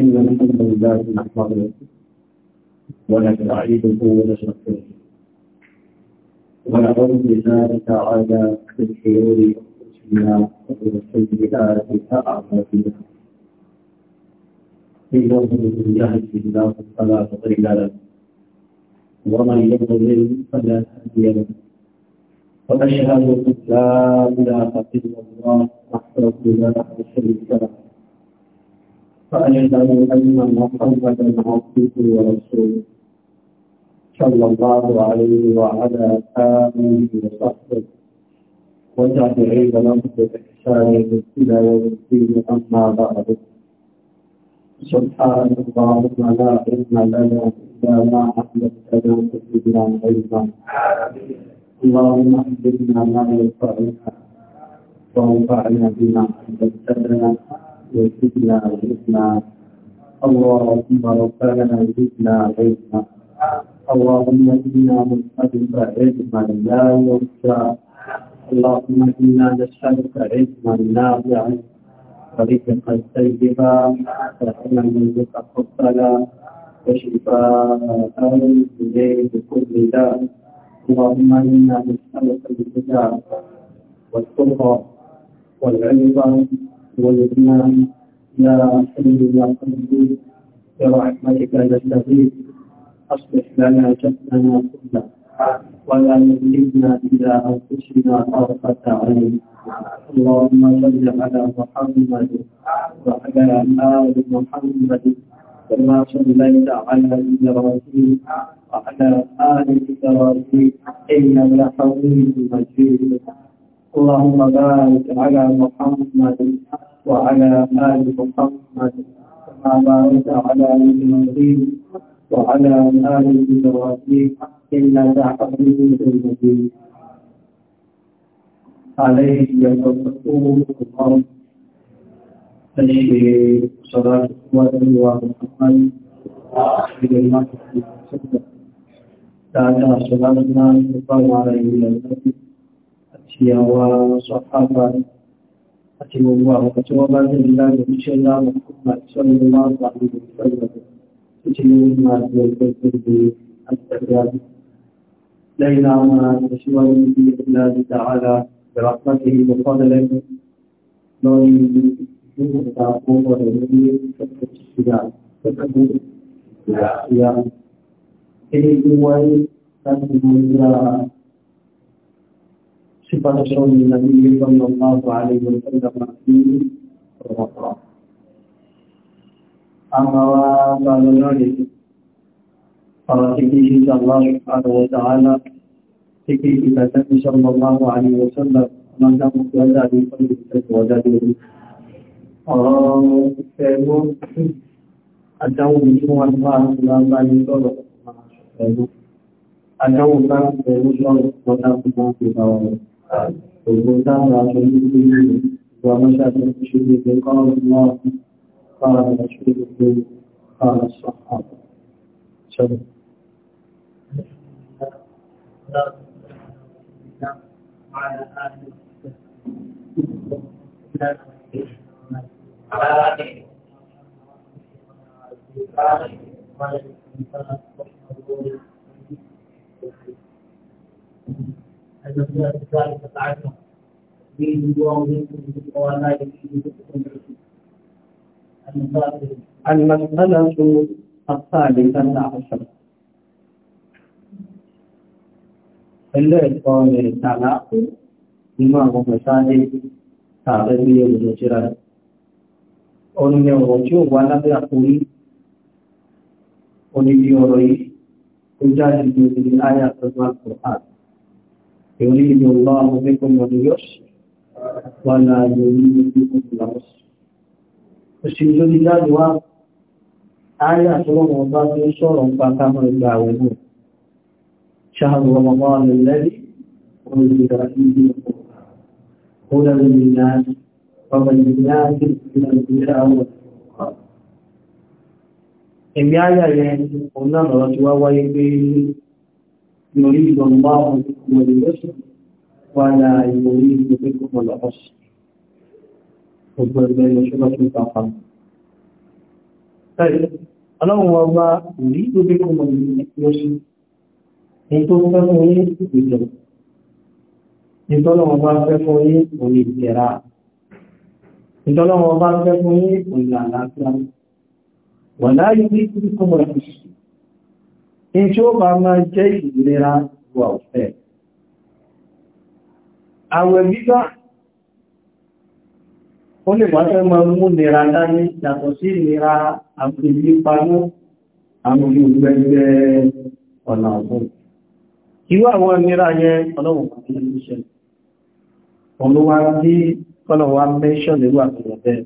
إن الحمد لله نحمده ونستعينه ونستغفره ونعوذ بذلك على من شرور أنفسنا أعمالنا سيئات أعمالنا من يهده الله فلا مضل له ومن يضلل فلا هادي له وأشهد أن لا إله إلا الله وحده لا شريك له فأشهد أن محمدا عبده ورسوله صلى الله عليه وعلى آله وصحبه وتابعين لهم بإحسان إلى يوم الدين أما بعد سبحان الله لا علم لنا إلا ما علمتنا فزدنا علما اللهم علمنا ما ينفعنا وانفعنا بما أحببتنا وزدنا علما اللهم ربنا زدنا علما اللهم انا نسألك علما لا يرجى اللهم انا نسألك علما نافعا طريقا طيبا فهما منك حصلا وشفاء إليه بكل داء اللهم إنا نسألك الهدى والصبر والعلم والإسلام يا حي يا قيوم برحمتك نستغيث أصلح لنا شأننا كله ولا يكلنا إلى أنفسنا طرفة عين اللهم صل على محمد وعلى آل محمد كما صليت على إبراهيم وعلى آل إبراهيم إنك حميد مجيد اللهم بارك على محمد وعلى آل محمد كما باركت على إبراهيم وعلى آل إبراهيم إنك حميد مجيد عليه يتصوم الأرض تشفي صلاة إخوته ومحمد وأحفظ المسجد تعالى صلاتنا تقام عليه إلى المسجد àti àwọn sọ́pàá àti gbogbo àwọn tí wọ́n bá ní ìlànà iṣẹ́ láwọn fún àtìsọ́nà máa ń pàdé ìfẹ́lẹ̀ títí ní máa gbé ẹgbẹ́ gbogbo àtìsẹ́gbẹ́ ليلى ما سوى به الله تعالى برحمته وفضله لن تعقوب ولدي فتح الشجاع فتح الشجاع إليه وإن تنمو إلى صفة شغل النبي صلى الله عليه وسلم فيه الغفران أما قال ذلك فرأتكي إن شاء الله سبحانه وتعالى تكي إذا النبي صلى الله عليه وسلم من دام وجد بقلب وجد ọ̀rọ̀ ẹ̀rọ àdáwò ní wọn bá lábá ní sọ̀rọ̀ ẹ̀rọ àdáwò bá ẹ̀rọ sọ̀rọ̀ ọ̀dá fún wọn fi bá wọn rẹ̀ gbogbo táwọn aṣọ ní ìlú المسألة الثالثة عشرة الليل قول تعلاق إمام مساجد تعليمية الهجرة onílé ọ̀rọ̀ tí ó wà lábẹ́ àkórí oníbi ọ̀rọ̀ yìí ó يريد الله بكم اليسر ولا يريد بكم العسر òṣèlú ìjáde wá ayé àtọ́lọ́wọ́ ọba tí ó sọ̀rọ̀ ń pàtà mọ́ ìgbà àwẹ̀mú ṣáàrù ọmọmọ́ alẹ́lẹ́rí olùgbèrà ìdí ọkọ̀ ọ̀rọ̀ يريد الله بكم اليسر ولا يريد بكم العسر وبالله يشرف الطاقم طيب اللهم وما يريد بكم اليسر ètò fẹ́ fún yín ìjọ ìtọ́lọ́wọ́ bá fẹ́ fún yín òní ìjẹ̀ra ìtọ́lọ́wọ́ bá fẹ́ fún yín òní àlàáfíà wọ̀n láyé ní kúrúkú mọ̀ ẹ̀kùsù in tí ó bá máa jẹ́ ìlera wà ọ̀fẹ́ àwẹ̀ gbígbà ó lè wá fẹ́ máa mú nira dání yàtọ̀ sí nira àpìlípanú àwọn olùgbẹ̀gbẹ̀ ọ̀nà ọ̀gbọ̀n irú àwọn nira yẹn ọlọ́wọ̀n pàtàkì ìṣẹ́ olówá tí kọlọ̀wà mẹ́ṣọ́ lérú àpìlẹ̀ bẹ́ẹ̀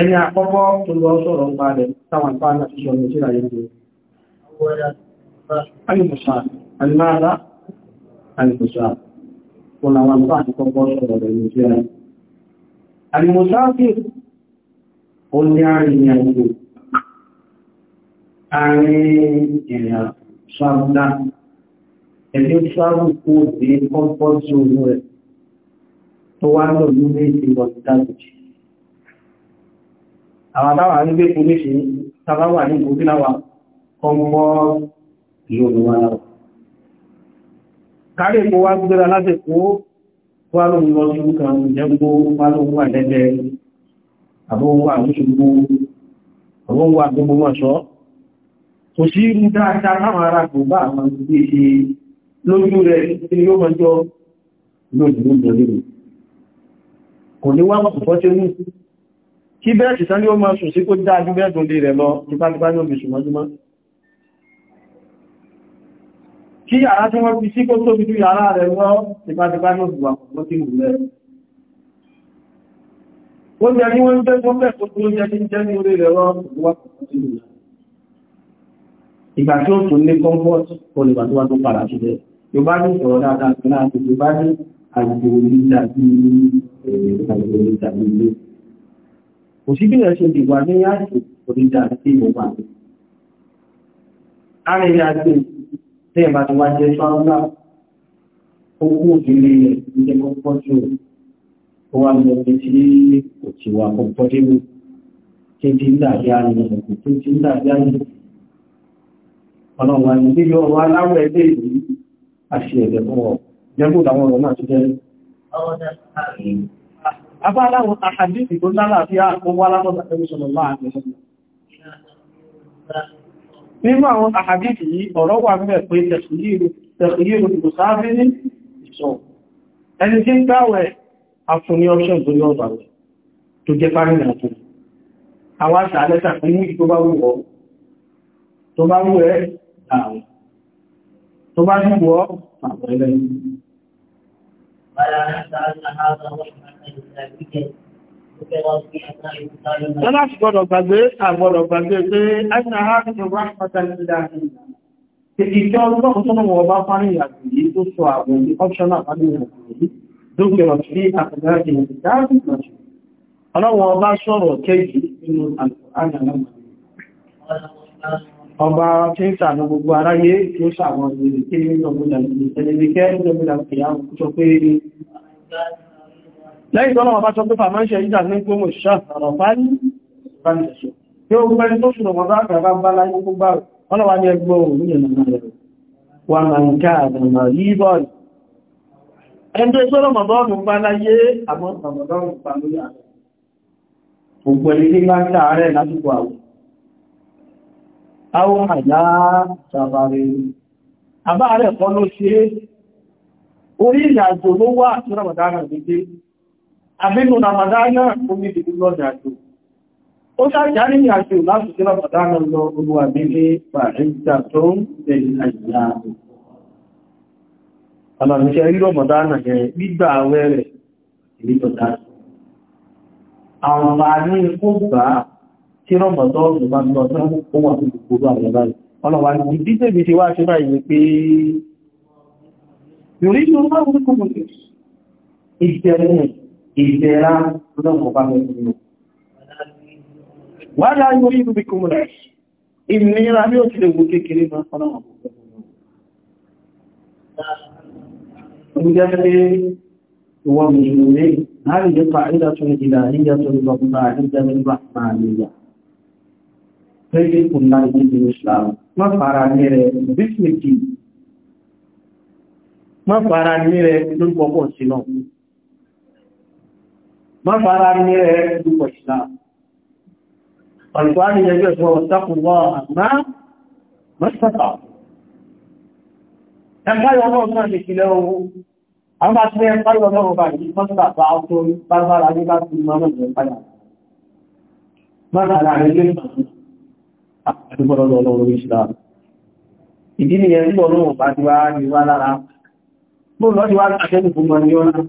ẹni àkọ́kọ́ tó lọ sọ̀rọ̀ ń parẹ̀ táwọn àpá náà ṣiṣọ́ ní síra yẹn ولا المصاب الماذا المصاب قلنا والله كبر ولا المسافر قل يعني يقول àárín ìrìn ṣàrùdá ẹ̀lú ṣàrù kó dé kọ́pọ̀ sí ojú rẹ̀ tó wá lọ ní méjì lọ dájújì àwọn àbáwà ní gbé polisi tàbáwà ní gòbínáwà comfort zone wa lọ. Kárí ìpò wá gbéra láti kó wá lóun lọ sí nǹkan jẹ́gbó wá lóun wà lẹ́lẹ́ àbóhun wà lóṣùgbó àbóhun wà gbogbo ọ̀ṣọ́. Kò sí irú dáadáa láwọn ará kò bá àwọn ìgbé ṣe lójú rẹ̀ tí yóò mọ́ jọ lójú kí bẹ́ẹ̀ sì sán ó máa sùn sí kó dáa ju bẹ́ẹ̀ tó lè rẹ̀ lọ tipátipá ní òbí sùn mọ́júmọ́ kí yàrá tí wọ́n fi sí kó tóbi jú yàrá rẹ̀ lọ tipátipá ní òṣùwà wọ́n tí mú rẹ̀. ó jẹ́ ní wọ́n jẹ́ tó mẹ́ tó kúrò jẹ́ tí jẹ́ ní orí rẹ̀ lọ òṣùwà tí mú rẹ̀. ìgbà tí ó tún ní comfort kò lè bàtí wọ́n tó tí ìbá ti wá jẹ́ sọ́nà ó kú ìdílé ìdílé ó wá lọ bí tí kò ti wà kó pọ̀ tí ti ń dàbí àyè tí ti ń dàbí àyè ọ̀nà wà ní lílo àkàdé ìgbóná láti àkọwọ́ alábọ̀ta ẹgbẹ́ sọ̀rọ̀ láàrin ẹgbẹ́ nínú àwọn àhàdìtì yìí ọ̀rọ̀ wà mẹ́ pé tẹ̀kìyìrò ìgbòsáfí ní ìṣọ́ ẹni tí ń gbáwẹ̀ afúnni option tó yọ ọ̀bàwẹ̀ tó jẹ́ fámílì àtò àwọn àṣàlẹ́sà nínú tó bá wùwọ́ tó bá wù ẹ́ àwọn tó bá wùwọ́ àwọn ẹlẹ́yìn Lọ́lá ti gbọ́dọ̀ gbàgbé àgbọ̀dọ̀ gbàgbé pé Aṣíná Hákìtì wá pàtàkì ìdáhì. Ìjọ ọlọ́run tó mọ̀ ọba fárí ìyàgbì yìí tó sọ àwọn ọ̀ṣọ́nà fárí ìyàgbì yìí lókè ọ̀tí àtàgbàjì ìdáhì ìrọ̀jù. Ọlọ́run ọba sọ̀rọ̀ kéjì nínú ọba tí ń sàánú gbogbo aráyé tí ó sàwọn ìrìnkí nínú ọgbọ̀dà ìrìnkẹ́ lẹ́yìn tọ́lọ́ ọba sọ pé fàmọ́ ṣe ìjà ní gbóhùn ṣá àrọ̀fá ní ìbánisẹ̀ tí ó gbẹ́ni tó ṣùgbọ́n bá gbàgbà bá láyé gbogbo ọlọ́wà ní ẹgbẹ́ òun ní ẹ̀nà rẹ̀ wà máa ń ká àdàmà yíbọ̀lì ẹgbẹ́ sọ́lọ́ mọ̀bọ́ọ̀nù bá láyé àmọ́ mọ̀bọ́ọ̀nù bá lórí àrẹ̀ gbogbo ẹni tí bá ń ṣàárẹ̀ lásìkò àwọn àjá àmínú ramadana omi ìdìdì lọ́dà àjò ó sáàjá ní àjò láti sí ramadana lọ olúwa nílé pàrígbà tó ń bẹ̀rẹ̀ àjìyà alàmìṣẹ́ rí ramadana yẹ gbígbà àwẹ̀ rẹ̀ ìrítọ̀dá àwọn àní kó gbà tí ramadana bá ń lọ sí ọwọ́ àti gbogbo àwọn báyìí ọlọ́wà ní dídébì ti wá ṣe báyìí pé ìtẹ́ra lọ́wọ́ bá mẹ́ fún un wà láàrín orí ìlú bí kúmù rẹ̀ ìnira ní ó ti lè wo kékeré máa fọ́nà wọn ìjẹ́fẹ́ ìwọ̀n mùsùlùmí láàrín jẹ́ fàídà tó ní ìlà ìjẹ́ tó ní bọ̀kúta ìjẹ́ tó ní bàtà àlèyà pẹ́lú kùnlá ìjẹ́ ìsìlámù má fara ní rẹ̀ bísmìtì má fara ní rẹ̀ lórúkọ pọ̀ sí náà má fara ní rẹ̀ dúpọ̀ islam alùpàá ni ẹgbẹ́ ìṣọ́ ọ̀sákùnwọ́ àmá mọ́sàtà ẹgbẹ́ ọmọ ọmọ ìṣẹ̀lẹ̀ ohun àwọn àti ẹgbẹ́ ọmọ ọba yìí mọ́sàtà ọ̀tọ́ bárbára ní bá ti mọ́ mọ́sàtà padà mọ́sàtà rẹ̀ lé ìdí ni ẹ̀ ń bọ̀ lóòpàá ti wá ní wá lára. Bóòlọ́ ti wá àṣẹ́ ìfúnmọ̀ ni ó náà.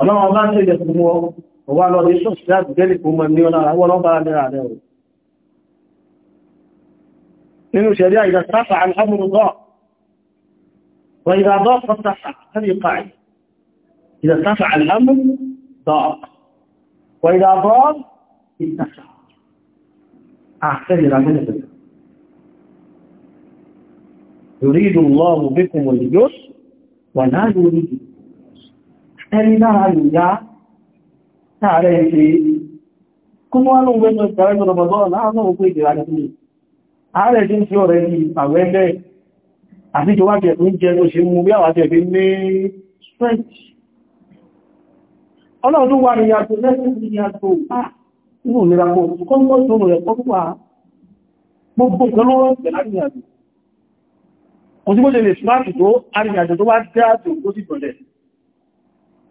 ọlọ́wọ́ bá ṣe ìdẹ̀ fún wọn wà lọ ní ṣọ́ọ̀ṣì láti gẹ́lì fún mọ̀ ní ọ̀nà àwọn ọlọ́bà nira rẹ̀ o nínú ṣẹ̀rí àìdà sáfà alhamdu dọ́ wà ìdà dọ́ fọ́sáfà hàbí pàì ìdà sáfà alhamdu dọ́ wà ìdà dọ́ ìtàṣà àṣẹ́rì ràmìnà يريد الله بكم اليسر ولا يريد ẹni náà yìnyá tààrẹ ìṣe kúmọ́ alóhun gbẹ́gbẹ́ ìgbàrẹ́ gbọ́dọ̀bọ̀dọ́ láàrín òkú ìdìrà ní àwẹ́lẹ́ àti ìjọwájẹ̀ tó ń jẹ tó ṣe tó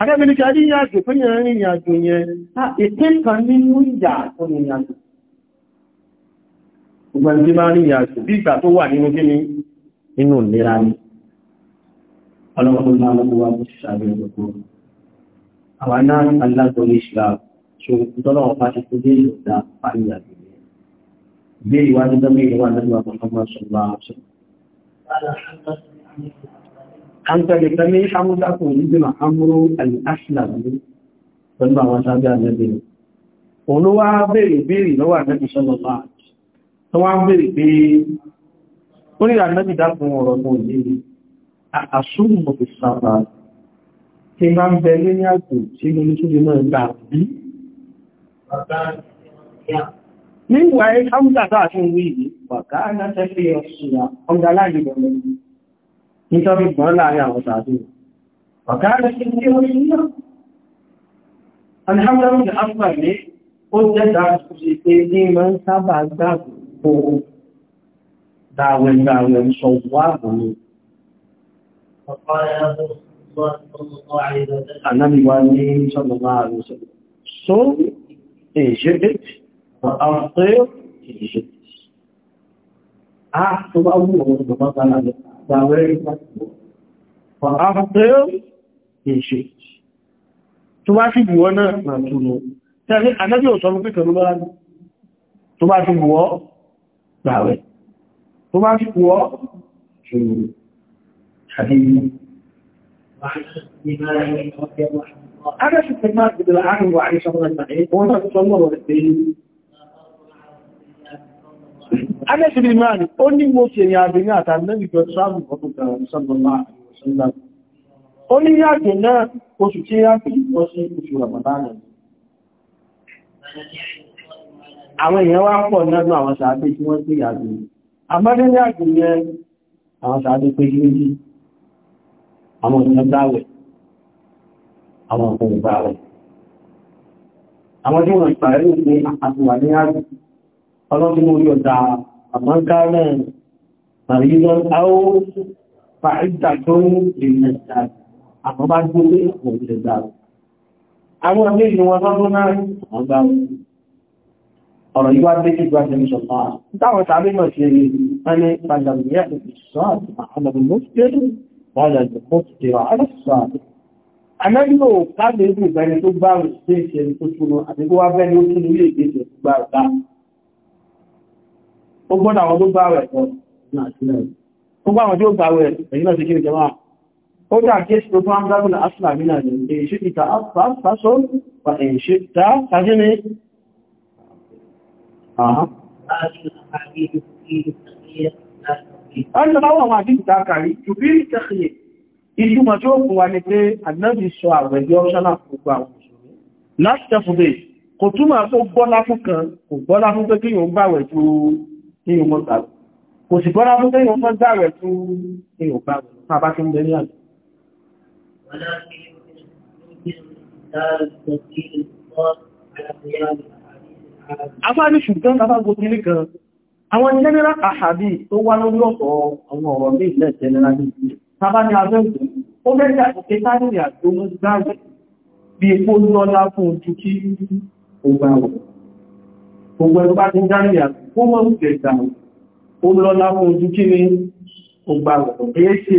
Adébìnrin kí a rí ìyá àjò fún ìrìn ìrìn àjò yẹn, ìpín kan nínú ìyà fún ìrìn àjò. Gbogbo tí máa rí ìyà àjò bí ìgbà tó wà nínú gíní inú ìlera ni. Ọlọ́pàá máa lọ́pọ̀ wá bó ti ṣàbẹ̀ gbogbo. Àwọn náà alágbóní ṣìlá ṣòkùn tọ́lọ̀ ọ̀pá ti tó dé ìlọ́dá an tare ta mai hamuta ko ibn amru al-aslam don ba wa sabi annabi ne olúwa bèèrè bèèrè lọ́wọ́ annabi sallallahu alaihi tó wá bèèrè pé ó ní annabi dákun ọ̀rọ̀ tó ní àṣùrù àti òun yìí wà káà tẹ́fẹ́ ọ̀ṣùn ọ̀gá láàrin ọ̀rọ̀ yìí انت في الضوء اللي عليها وتعديه وكانت تنتهي وشنية الحمد لله أفضل لي قد دعس كسيتي دي من سبع الزاب داون داون صواب فقال يا رسول الله صلى الله عليه وسلم صوم اجبت وافطر اجبت اعطوا الله ربما قال They are very flexible. For after, they shift. Tó bá ṣì bù wọ́n náà nà túnú. Tẹ́lẹ̀ àdájọ́ ò sọ mú pẹ́kẹ̀ ló bá rí. Tó bá ṣì bù wọ́, gbàwẹ̀. Tó bá ṣì bù wọ́, ṣòro. Ṣàdéyìn. Adáṣì tẹ́gbà ìdìlà àrùn wà ní ṣọ́mọ́ ìgbà Anẹ́sì bí máa ní, ó ní mo ṣe ìyà àbìnrin àtàlẹ́bì pẹ̀lú sáàbù ọdún kẹrẹ sọ́lọ́lá àìwọ̀sọ́lá. Ó ní yàjò náà oṣù tí yá fi lọ sí oṣù Ramadana. Àwọn èèyàn wá pọ̀ nínú àwọn sàábé tí wọ́n pè yàjò. Àmọ́dé ní àjò yẹn àwọn sàábé pé méjì, àwọn èèyàn dáwẹ̀, àwọn òkú gbáwẹ̀. Àwọn tí wọ́n pàrẹ́ ní àtàwà ní àjò ọlọ́tí mú yóò dá àmọ́ká náà màrídọ́n áó fàíjà tó ń lè nàìjíríà àmọ́ bá gbó pé òun lè dá àwọn ilé ìlú wọn lọ́dún náà wọ́n gbá ọ̀rọ̀ yíwá dé kí gbá ṣe ń sọ fún wa táwọn tàbí náà ṣe rí wọn ní pàjàmìyà ìṣọ́ àti àmàlù mọ́sílẹ̀ wọ́n lè dùn mọ́sílẹ̀ àti àmẹ́lò káàdì ìgbẹ̀ni tó gbá sí ìṣẹ́ni tó túnú àti kó wá bẹ́ni ó túnú ilé ìgbésẹ̀ ó gbọ́nà àwọn tó gbáwẹ̀ gbogbo àwọn tí ó gbáwẹ̀ ẹ̀yìn náà ti kí ìjọba ó dá kí èsì tó fún amdábùn asìlà mìíràn ní èṣì ìta àpàásọ wà èṣì tá tàbí ní ìjúmọ̀ tí ó fún wa ní pé àdínájì sọ àwẹ̀dí ọ́ṣánà gbogbo àwọn òṣèré láti tẹ́fù bèèrè kò túnmà tó gbọ́lá fún kan kò gbọ́lá fún pé kí yóò gbàwẹ̀ tó ní ọmọ kò sì bọ́ra fún tẹ́yìn ọmọ dáàrẹ̀ fún ní ọ̀gbàgbọ́ bá tí ń bẹ ní àjò ṣùgbọ́n tàbá gbogbo ní kan àwọn jẹ́nẹ́rà àṣàbí tó wá lórí ọ̀pọ̀ àwọn ọ̀rọ̀ ní ilẹ̀ jẹ́nẹ́rà ní tàbá ní abẹ́gbẹ̀ ó mẹ́rin àkókè sáàrì àjò mọ́ gbáàrẹ̀ bí epo lọ́lá fún ojú kí ó gbáwọ̀ gbogbo ẹgbẹ́ bá ti ń dárí à ó mọ́ ń tẹ̀ta ó lọ láwọn ojú kí ni ọgbà ọ̀pẹ́ ṣe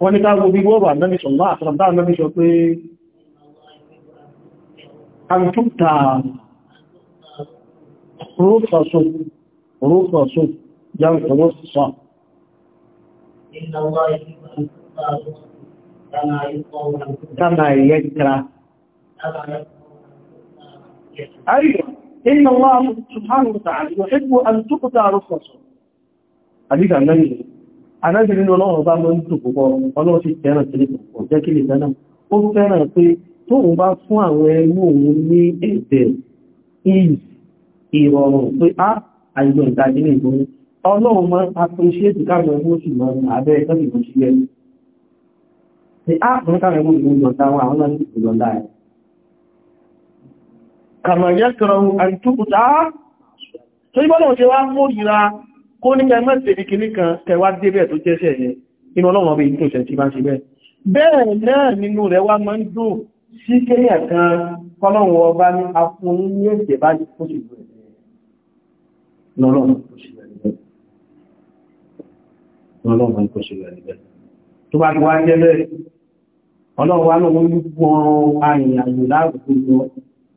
wọ́n ní káàkiri bí wọ́n wà mẹ́mìsàn náà àtàràbá mẹ́mìsàn أيوة إن الله سبحانه وتعالى يحب أن تقطع رخصه حديث عن النبي أنا أجل إنه الله بقى من تقوى الله في كيانا تلك وذلك اللي كان ó fẹ́ràn pé tóun bá fún àwọn ẹrú òun ní ẹ̀bẹ̀ ìrọ̀rùn pé á àìjọ ìdájí ní ìgbóhùn ọlọ́run máa ń appreciate káàmù ẹgbẹ́ oṣù máa ń abẹ́ ẹgbẹ́ ìgbóṣílẹ̀ kàmà yẹ́kọ̀rọ̀ àìtúkùtà tó ibọ́ lọ́wọ́ ṣe wá mú ìra kó ní kẹmọ́ ìsẹ̀bí kìní kan kẹwàá débẹ̀ tó jẹ́ṣẹ̀ yẹn inú ọlọ́wọ́ bí tó ṣẹ̀ tí bá ṣe bẹ́ẹ̀ bẹ́ẹ̀ náà nínú rẹ̀ wá mọ́ ń dùn sí kẹ́yà kan kọ́lọ́wọ́ ọba ní afún ní ẹ̀jẹ̀ bá kó sì lọ́lọ́wọ́ kó sì rẹ̀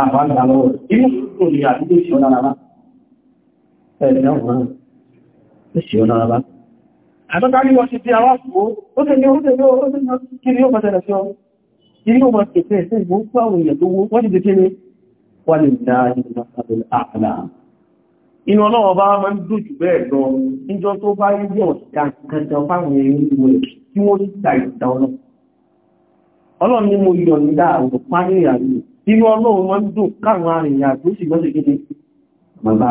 àwọn àgbàlọ́wọ̀ inú tó ní àdúgbò ṣe ọ̀nà àbá ẹ̀rẹ̀ ọ̀nà ṣe ọ̀nà àbá àtọ́ká ní wọ́n ṣe bí àwọn àpò ó tẹ̀lé ó tẹ̀lé ó tẹ̀lé kí ni ó mọ̀tẹ̀lẹ̀ ṣọ́ inú ọmọ pẹ̀tẹ̀ ẹ̀sẹ̀ ìgbó fún àwọn èèyàn tó wó wọ́n ti dìkẹ́ ní wà àwọn inú ọlọ́run wọ́n dùn káàrùn arìnrìn àjò sì lọ́sẹ̀ gidi bàbá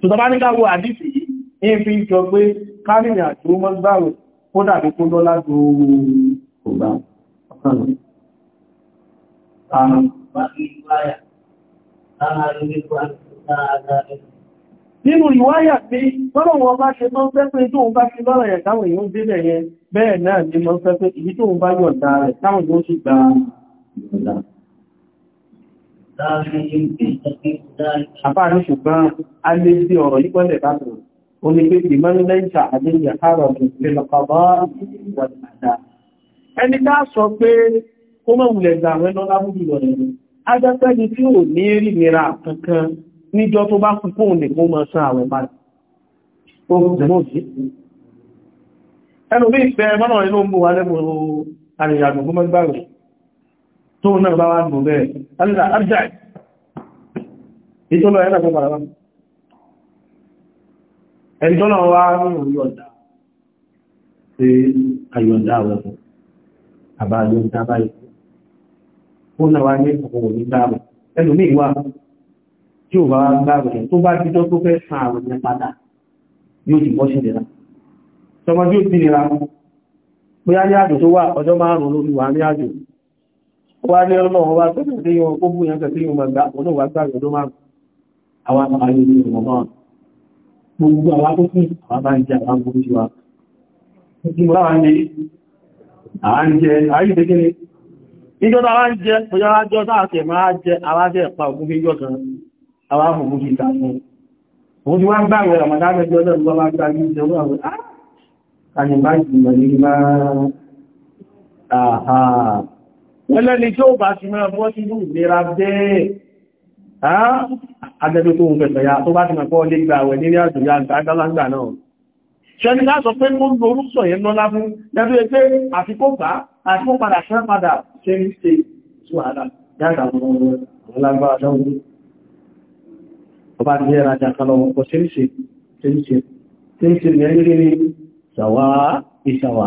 tòtọ́bá ní káwọ́ àdífì yìí fi jọ pé káàrìnrìn àjò wọ́n gbáwò kó dàbí kó lọ́lá Nínú ìwáyà pé tọ́lọ̀ wọn bá ṣe tán fẹ́ pé tóun bá ṣe lọ́rọ̀ ẹ̀ táwọn èèyàn délẹ̀ yẹn bẹ́ẹ̀ náà ni mọ́ fẹ́ pé ìbí tóun bá yọ̀ǹda rẹ̀ táwọn yóò sì gbà Àbá ní ṣùgbọ́n a lè bí ọ̀rọ̀ yí pẹ́lẹ̀ bákan, ó ní pé ìmọ̀ lẹ́yìn àdéyà àrọ̀ ìpínlọ̀kọ̀bá ìwọ̀dàdà. Ẹni ká sọ pé kó mọ̀ wùlẹ̀ ìgbàwẹ́ lọ́lá múbi lọ rẹ̀. Ajápẹ́ni tí ò ní rí mìíràn kankan níjọ tó bá kú fóun ní kó mọ̀ sán àwẹ̀ báyìí. Ó jẹ̀mọ́ sí. Ẹnu bí ìfẹ́ mọ́nà inú mú wa lẹ́mù arìnrìn àgbọ̀gbọ́mọ́gbàrùn tó náà bá wá ń gùn bẹ́ẹ̀ alìlà arjá ìtọ́lọ ẹ̀nà fún bàbá ẹni tọ́lọ wá rúrùn yọ̀dá pé ayọ̀dá rẹ̀ fún àbá yọ̀dá báyìí ó náà wá ní ọkọ̀ ní dáàbò ẹnu ní ìwà tí ò bá dáàbò rẹ̀ tó bá dídọ́ tó fẹ́ san àrùn ní padà yóò ti bọ́ sí nira tọmọ bí ó ti ní àjò tó wà ọjọ́ márùn-ún lórí wà ní àjò wá ní ọlọ́run wá pẹ̀lú tí yóò kó bú yẹn tẹ̀ tí yóò máa gbà wọn náà wá gbà lọ́dún márùn àwọn àmàlẹ́ ìlú ìwọ̀n náà gbogbo àwọn akókù àwọn bá ń jẹ àwọn gbogbo ti wa ìgbìmọ̀ láwọn ní àwọn jẹ àríṣẹ́ kí ni ìjọba àwọn jẹ ọjọ́ ajọ́ sáàkẹ̀ máa jẹ aláṣẹ́ ẹ̀pà òkú fi yọ́ kan aláàmùkú fi ta fún òun ti wá ń báwọn ọmọdámẹ́jọ́ lọ́gbọ́n bá gbá ní ìjọba àwọn àà ẹlẹ́ni tí ó bá ti mẹ́ra fọ́ sí ìlú ìlera bẹ́ẹ̀ agbẹ́gbẹ́ tó ń fẹ̀fẹ̀ ya tó bá ti mẹ́kọ́ lé gba àwẹ̀ nílé àjòyà àgbàlagbà náà ṣẹni láti sọ pé mọ́ ń lorú sọ yẹn lọ́lá fún lẹ́dọ́ ẹgbẹ́ àfikó bá àfikó padà ṣẹ́ padà ṣe ń ṣe tó àdá yàtà àwọn lágbára dáwọn ọba jẹ́ rajà kalọ̀wọ̀ kọ ṣe ń ṣe ṣe ń ṣe ṣe ń ṣe mẹ́rin ní ṣàwá ìṣàwà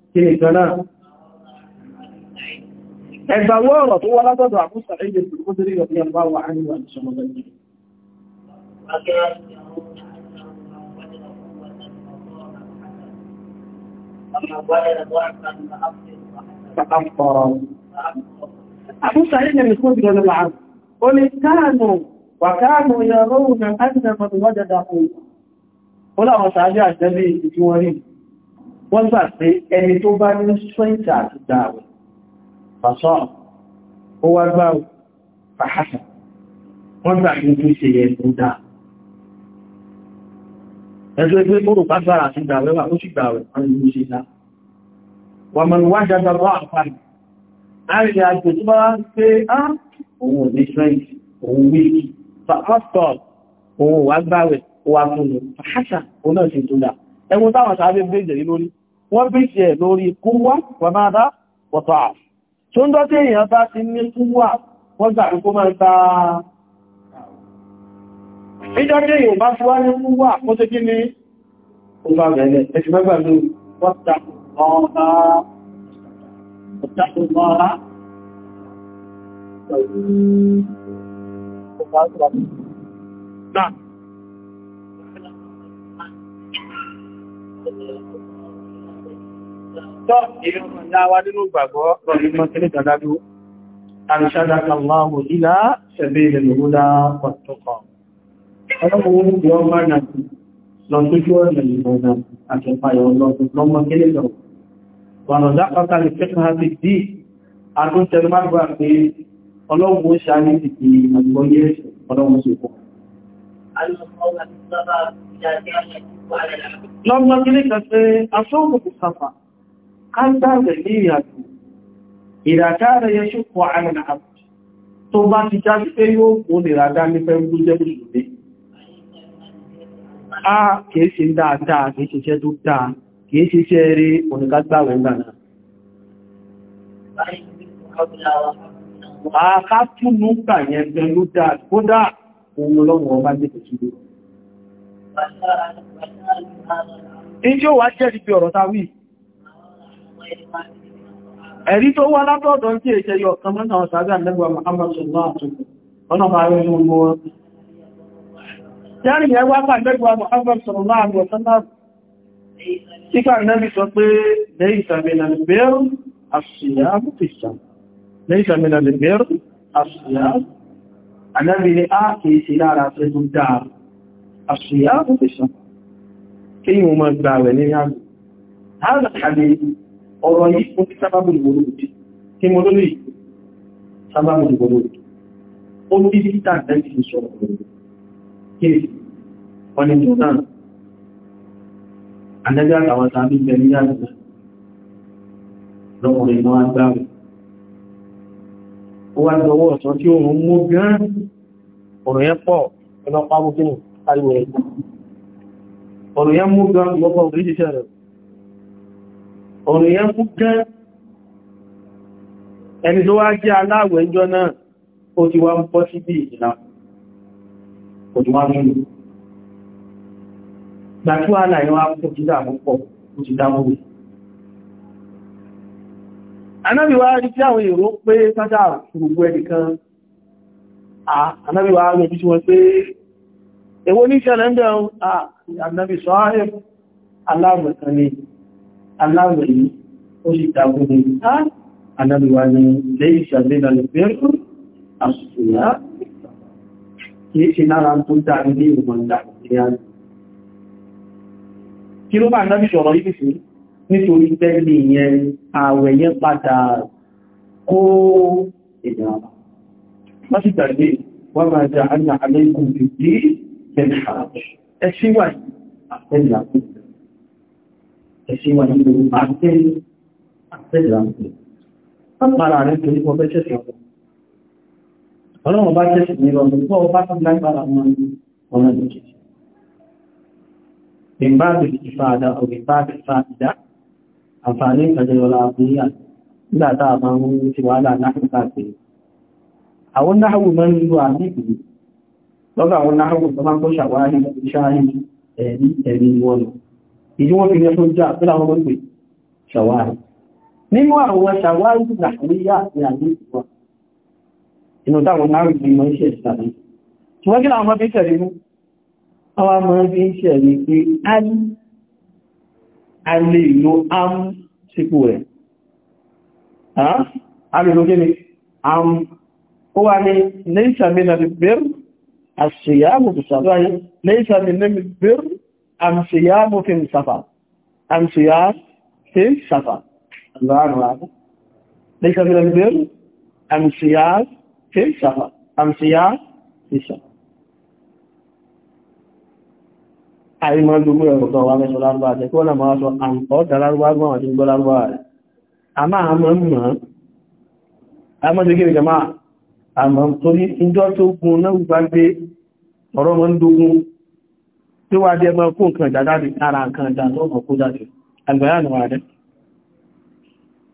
kí ni kan náà ẹgbàwọ́ ọ̀rọ̀ tó wá látọ̀dọ̀ àbúsà ẹgbẹ̀ tó kó sírí ọ̀pẹ́ ọ̀pá wà ní wà ìṣọ́mọ̀lẹ́ àbúsà ẹgbẹ̀ tó kó sírí ọ̀pẹ́ ọ̀pá wà ní wà ìṣọ́mọ̀lẹ́ wọ́n gbà pé ẹni tó bá ní strength àti dáwẹ̀ pàṣọ́ ó wá gbá pàṣà wọ́n gbà ní tó ṣe yẹ tó dá ẹjọ́ ẹgbẹ́ mọ́rùn pàṣàrà àti dáwẹ̀ wà ó sì gbàwẹ̀ wọ́n ni ṣe dá wà táwọn sáré bèèrè lórí wọ́n bí ṣe lórí kúwà wàmádá wọ̀tọ̀ àà tó ń dọ́ tí èèyàn bá ti ní kúwà wọ́n gbà kó máa ta ìjọ́ tí èèyàn bá ti ní kúwà kó tó kí ní ọba bẹ̀rẹ̀ tọ́ ìrìnà náwà nínú gbàgbọ́ lọ́rí mọ́ sílẹ̀ dàdájú àrìṣàdàkàláwò ilá ṣẹ̀bẹ̀ ìrìnlúdá pàtàkọ̀ ọlọ́run yọ mọ́nà lọ sójú ọ̀nà ìrìnà àti ìpayọ̀ ọlọ́run lọ́mọ kílẹ̀ lọ wọ̀nà dákọ̀ta lè fẹ́ fún àti dí kan pé aṣọ́ òkùnkùn sáfà kágbàgbẹ̀ ní ìyàtò ìràkára yẹ ṣùpọ̀ àwọn àpù tó bá ti já sí pé yóò kó lè rádá ní fẹ́ jẹ́ mùsùlùmí a kìí ṣe dáadáa kìí ṣe ṣe tó dáa kìí ṣe ṣe eré oníkágbàwẹ̀ gbàna àkátúnú gbà yẹn gan ló dáa kódà ohun Ìjọ́ wa jẹ́ ìpé ọ̀rọ̀ ta ẹ̀rí tó wá látọ̀ọ̀dọ̀ tí èṣẹ́ yọ kan mọ́ta wọn sàájá lẹ́gbà Muhammad sallallahu alaihi wa sallam ọ̀nà ààrẹ inú ọmọ wọn yárin ẹwà pàdẹ́gbà Muhammad sallallahu alaihi wa sallam kíkà nẹ́bí sọ pé lẹ́yìn sàmìnà lè bẹ́rù ọ̀rọ̀ yìí fún kí sábàbù ìwòrò òjì kí mo ló lè sábàbù ìwòrò òjì ó ní títà tẹ́lì ìṣọ́ ọ̀rọ̀ kéèsì wọ́n ni jordan adájọ́ àtàwọn tàbí bẹ̀rẹ̀ ní àjọ lọ́kùnrin náà agbáwẹ̀ ó wá gbọ́wọ́ ọ̀sán tí òun mú gan ọ̀rọ̀ yẹn pọ̀ ẹgbẹ́ pàmò kí ni ariwo rẹ̀ ọ̀rọ̀ yẹn mú gan lọ́pọ̀ rẹ̀ ọ̀rọ̀ yẹn fún jẹ́ ẹni tó wá jẹ́ aláwẹ̀ ẹjọ́ náà ó ti wá ń pọ́ sí bí ìjìnà òjúwá nínú gbàtíwà náà yíwá tó ti dá púpọ̀ ó ti dámúrù anábíwá rí tí àwọn èrò pé sájá gbogbo ẹnìkan anábíwá rí ojú tí wọ́n pé èwo ní ṣẹlẹ̀ ń dẹ̀ aláwẹ̀ yìí ó sì tàbí anábíwá ní lẹ́yìn ìṣàbẹ́lá lè bẹ́rù àṣìṣìyà kìí ṣe lára tó dá ilé ìrùmọ̀lá ìrìnàjò kí ló máa náà ṣọ̀rọ̀ ibi sí nítorí tẹ́lì yẹn ààwẹ̀ yẹn padà kó ìdàmà wọ́n sì tàbí wọ́n máa jẹ́ àárín àlẹ́kùn ìdí ẹ̀ṣíwà àtẹ́lẹ̀ àkókò ìṣíwọ̀n ìlú àti àtẹ́jìláńtì. Pápára rẹ̀ tó ní ọbẹ̀ ṣẹ̀ṣẹ̀ ọ̀rọ̀. Ọlọ́run bá ṣẹ̀ṣẹ̀ ní ọdún tó ọba tó lágbára wọn ọ̀nà ìjẹ̀ṣẹ̀. Ìbáàbì ìfàdà ògbìbáàbì fàdà àǹfààní ìkàjẹ̀yọ̀lá àbúyà nígbà tá a máa ń ti ìjú wọn fi yẹ tó já tó láwọn mọ́gbé ṣàwárí nínú àwọn ṣàwárí ìlàkúnlẹ́yà ní àmì ìwà inú táwọn náàrí ìgbìmọ̀ iṣẹ́ ìsàlẹ̀ ṣùgbọ́n kí láwọn mọ́bí tẹ̀lé mú àwọn mọ́ bí ń pé a lè lo am sípò rẹ̀ a am ó wà ní lẹ́ìsàmì nàbí bẹ́rù àṣìyà àmùsàdọ́ ayé lẹ́ìsàmì nàbí الصيام في السفر الصيام في السفر الله ليس في البر الصيام في السفر الصيام في السفر àìmọ̀ gbogbo ẹ̀rọ̀tọ̀ wa mẹ́sọ lárúbá àti kó lọ máa sọ àǹkọ́ dárárúbá gbọ́n àti gbọ́ lárúbá rẹ̀. a máa mọ́ mọ́ àmọ́dé gẹ́rẹ̀ jẹ máa àmọ́ torí ìjọ tó gún náà tí wá jẹ mọ́ kó nǹkan ìdàdáde ara nǹkan ìdàdọ́mọ̀ kó jáde albayanu wà dẹ́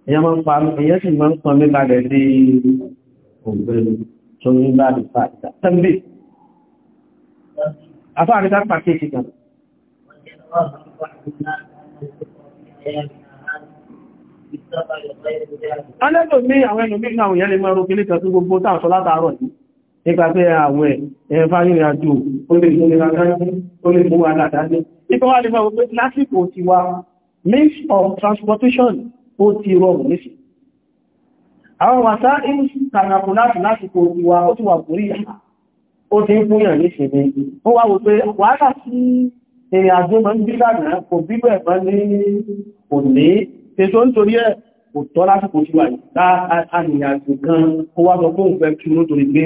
èyàn máa ń pa èyàn sì máa ń pọn mẹ́ta rẹ̀ sí ògbèrè tó ní bá lè fa ìdá tẹ́lẹ̀ afọ́ àrídá pàkéjì kan alẹ́lòmí àwọn ẹlòmí náà òyìn lè mọ́ ẹrù kìlíkan sí gbogbo táà sọ látàárọ̀ yìí nípa pé àwẹ̀ ẹ̀fà ìrìn àjò ó lè fún ìrìn àjò ó lè fún àdàdà ní nípa wà lè fà wọ́pẹ́ lásìkò ti wá mix of transportation ó ti rọrùn nísì àwọn wàsá inú kàràkù láti lásìkò ti wá ó ti wà kúrí ó ti ń fúnyàn nísì ni ó wá wọ́pẹ́ wàhálà sí ìrìn àjò mọ́ ń bí lànà kò bíbẹ̀ mọ́ ní kò ní tèso nítorí ẹ̀ kò tọ́ lásìkò ti wà yìí láàrin àjò kan ó wá sọ fóun fẹ́ kí ó nítorí gbé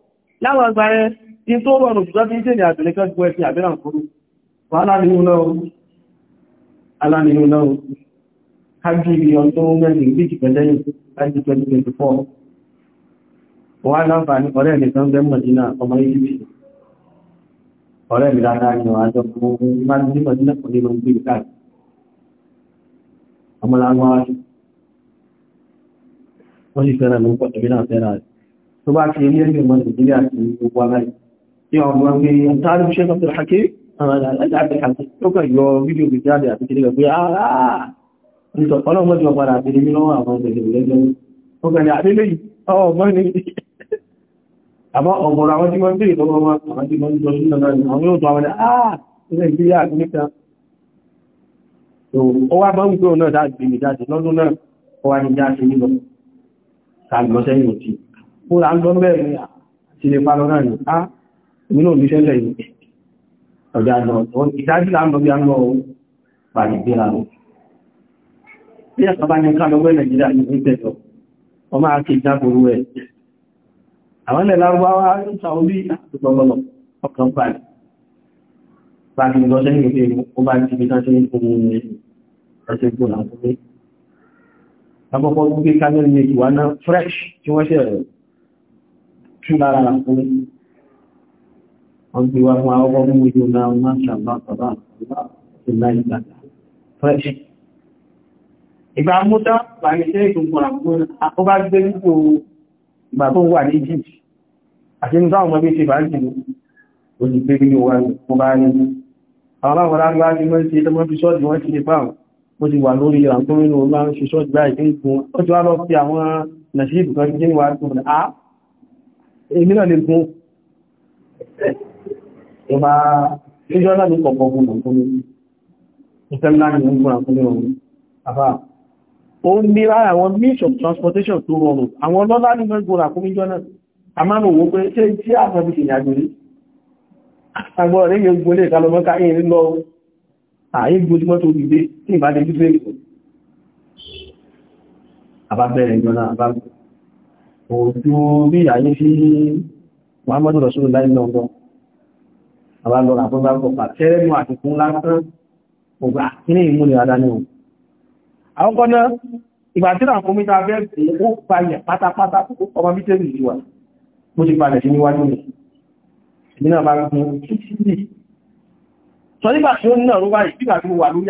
láwọn ọgbà ẹ tí tó rọrùn jùlọ tí ń tẹ́ ní àtẹ̀lẹ́ kan gbọ́ ẹ̀sìn na kúrú alánìyàn náà kájú ibi ọ̀n tó mẹ́rin bí ìpẹ̀lẹ́yìn láti 2024 wà láǹfààní ọ̀rẹ́ mi kan bẹ́ Mọ̀dínà ọmọ Egypt ní wọ́n náà tó bá ti ilé ẹgbẹ̀ mọ́ nàìjíríà sí gbogbo aláì tí ọmọ ẹgbẹ́ tààrí ṣe kọ́ tẹ̀lé hakim tó kà yọ fídíò gbé jáde àti kìdí gbé ààrẹ ọlọ́mọdé wọn padà àti ilé lọ́wọ́ àwọn ọmọdé lẹ́jọ́ ó kà ní àdílé ọmọ ní àmọ́ ọ̀gọ̀rọ̀ àwọn tí wọ́n bèèrè lọ́wọ́ wọn àwọn tí wọ́n jọ sí lọ́nà àwọn yóò tó àwọn àà nàìjíríà níta ó wá bá ń gbé ó ra ń gbọ́n bẹ́ẹ̀ ni àti lè pa lọ́nà ní á ah, èmi náà níṣẹ́ lẹ̀ yìí ọ̀dà lọ ìdájú là ń lọ bí a ń lọ pàdé gbéra lọ bí ẹ̀sọ́ bá ní ká lọ wẹ́ nàìjíríà ní ìpẹ́jọ ọmọ àti ìdágbòrú ẹ̀ àwọn ilẹ̀ lárúbáwá ń sa orí àtìgbọ́lọ́lọ́ ọkàn pàdé pàdé lọ́sẹ́ tú lára àkúrí wọ́n gbé wá fún àwọn ọmọ ìlú náà máa ṣàbá bàbá ìlà ìgbàgbà fresh ìgbà mútá pàríṣẹ́ ìgbùngbùn àkúrí àkọ́bá gbé nípò ìgbà tó wà ní Egypt àti ní táwọn ọmọdé ṣe bá ń jìnà ó ti gbé nínú wa mo bá ní àwọn àwọn alágbá ti mọ́ sí ẹgbẹ́ fi ṣọ́ọ̀dì wọ́n àwọn èmi náà lè gún ìmá ìjọ náà ní kọ̀kọ̀ gún àkúnmí ìfẹ́m náà ní gún àkúnmí ọ̀run àfá ó ní lára àwọn means of transportation tó rọrùn àwọn ọlọ́lá ní fẹ́ gún àkúnmí jọ náà a máa ń wò pé ṣé tí àwọn fi ṣìyà jù rí àgbọ̀ rẹ̀ yóò gún lè kalọ́ mọ́ká yìí lọ àyè gbójúmọ́ tó gbìgbé tí ìbá lè gbígbé àbá bẹ̀rẹ̀ ìjọ náà àbá òjú bí ayé sí Muhammadu rasul lọ́gbọ́n àbálọ́rà tó bá kọpa tẹ́rẹ́mù àtìkún lásán ògbà kíní ìmúlẹ̀ adáni o àwọn kọ́nà ìgbà tí náà kó mítà fẹ́ tí ó palẹ̀ pátápátá ọmọ bí tẹ́rì ìwà mo ti palẹ̀ sí níwájú mi èmi náà bá gún títí sọ nígbà tí ó náà rúwá ìgbà tí mo wà lórí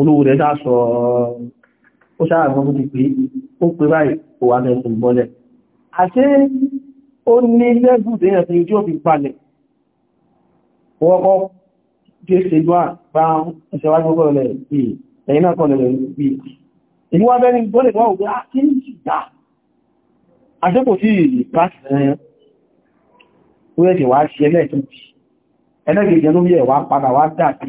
olówó rẹ̀ dáṣọ ó ṣáàrùn ọmọ ti pé ó pé báyìí ó wà mẹ́sù bọ́lẹ̀. àṣé ó ní lẹ́gùn tí èyàn tí ó fi palẹ̀ wọ́kọ́ jẹ́ ṣèjúwà bá ìṣẹ́wájú ọgọ́rẹ̀ bí ẹ̀yìn náà kọlẹ̀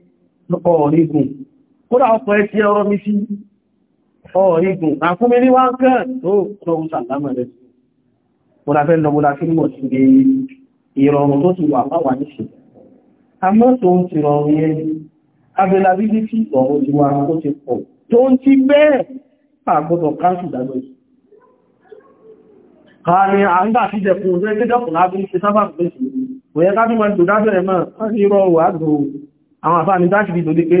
lọ́pọ̀ orígun kódà ọkọ̀ ẹ ti ọrọ̀ mi sí orígun àkúnmí ní wá kẹ́ tó rọrùn sàlámọ̀ rẹ̀ kódà fẹ́ lọ́gbọ́dá kí mọ̀ sí ìrọ̀rùn tó ti wà fáwà níṣẹ́ àmọ́ tó ń ti rọrùn yẹn availability ọ̀rọ̀ ti wà ó ti pọ̀ tó ń ti bẹ́ẹ̀ pàgbọ́dọ̀ káńsù dájọ́ yìí káàrí àǹgbà sí jẹ̀kùn rẹ̀ tẹ́jọ́kùn lábí ṣe sábà pèsè òyẹ́ká tó mọ́ ìtòdájọ́ ẹ̀mọ́ àwọn àfáà ní dáṣìbí tó dé pé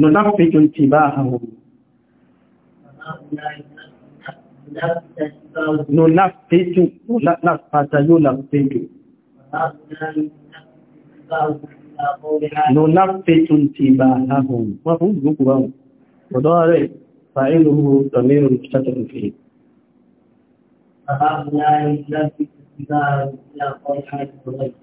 nọ̀dáfẹ́kùn ti bá àwọn nọ̀dáfẹ́kùn lápàtà yóò lápẹ́kùn nọ̀dáfẹ́kùn ti bá àwọn wọ́n fún ìgbókù báwọn ọ̀dọ́ rẹ̀ fàílù tọ̀mírù ṣàtàkùn fi Àbáwọn ará ìlú láti ìgbà ìlú àkọ́ ìhàjò lọ́yìn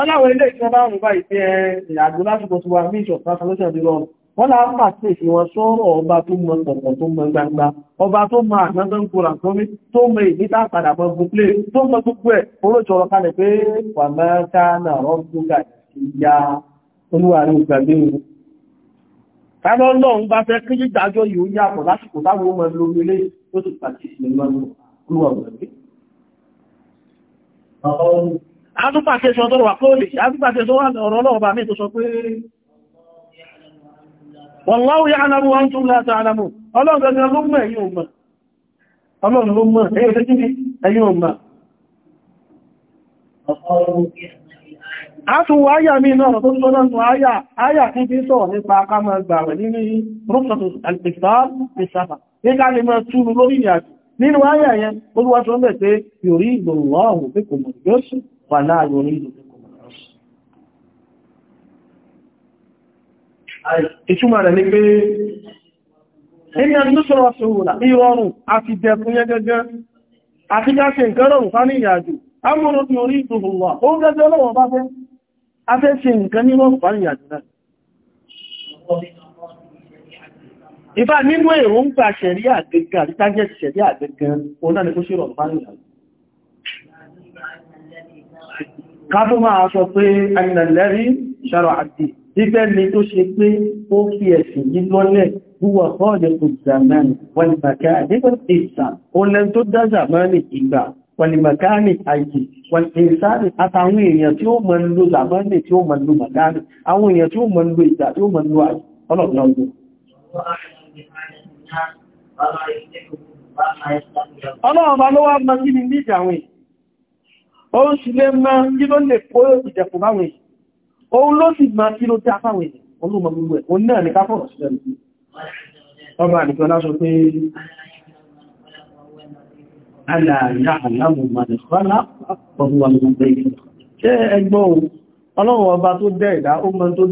aláwọ̀ ilé ìṣẹ́ bá rùn bá ìfẹ́ eh, ìrìnàjò lásìkò tí wà ní ìṣọ̀tà sọlọ́sẹ̀ bí rọrùn wọ́n lá ń pàṣẹ ìfìwọ̀n sọ́rọ̀ ọba tó mọ ọ̀pọ̀ tó mọ gbangba ọba tó mọ àgbọ́ngán kúrà tó mí tó mọ ìdíta padà bọ́ gbogbo tó mọ gbogbo ẹ̀ orójọ ọ̀rọ̀ kalẹ̀ pé wà mẹ́ta náà rọ́gbùgà ìyá olúwarí ìgbàgbé wọn káàlọ́ lọ́run àtúpàtẹ́sọ ọ̀rọ̀ wà kóòlì àtúpàtẹ́sọ ọ̀rọ̀ ọlọ́ọ̀bà mẹ́ tó sọ pé wallahu ya'lamu wa antum la ta'lamun ọlọ́gbẹ̀rẹ̀ ló mọ̀ ẹ̀yin ò mọ̀ ọlọ́run ló mọ̀ ẹ̀yin ò mọ̀ àtún wáyà mi náà tó tó lọ́nà àyà àyà tí bí sọ nípa akámọ̀ gbàwẹ̀ nínú rúkọ̀tù alìpìtà ìsáfà ní ká lè máa túnú lórí ìyàjò nínú àyà yẹn olúwàtọ́ mẹ́ pé yorí ìgbòrò wọ́n ولا يريد بكم العسر ìtumọ̀ rẹ̀ ní pé ní ẹgbẹ́sọ̀rọ̀ ṣòhùnà ìrọrùn àti dẹ̀kùn yẹ gẹ́gẹ́ àti gáṣe nǹkan rọrùn fá ní ìyàjò amúrò ní orí ìdòhùnwà ó gẹ́gẹ́ lọ́wọ́ bá fẹ́ afẹ́ṣe nǹkan ní rọrùn fá ní ìyàjò náà ìfà nínú èròǹgbà ṣẹ̀rí àgbẹ̀gẹ̀ àti tágẹ́ ṣẹ̀rí àgbẹ̀gẹ̀ ká tó máa sọ pé ẹnìyànlẹ́rí ṣàrọ̀ àti ìfẹ́ ni tó ṣe pé ó fi ẹ̀sìn yí lọ́lẹ̀ wúwà fọ́ọ̀dẹ̀ kò zàmánì wọlìmàkà nígbà ìsà ó lẹ́n tó dá zàmánì ìgbà wọlìmàkà ní àìjì wọlìmàkà àtàwọn èèyàn tí ó mọ̀ ń lo zàmánì tí ó mọ̀ ń lo màkánì àwọn èèyàn tí ó mọ̀ ń lo ìgbà tí ó mọ̀ ń lo àìjì ọlọ́pàá ọgbọ̀n ọlọ́ọ̀bá ló wá mọ́ sí ní ìjà àwọn èèyàn òun sì lè mọ́ kí ló lè kó ìjẹ̀kù máwẹ̀ yìí òun ló sì mọ́ kí ló dá fáwẹ̀ yìí olúmọ gbogbo ẹ̀ òun náà ní ká fọ̀rọ̀ sílẹ̀ lórí ọba àdìkan láṣọ pé aláàrínà àlámù màdìkọ́lá ọdún wà ní ọgbẹ́ ìlú ṣe ẹgbọ́n ọlọ́run ọba tó dẹ́ ìdá ó mọ́ tó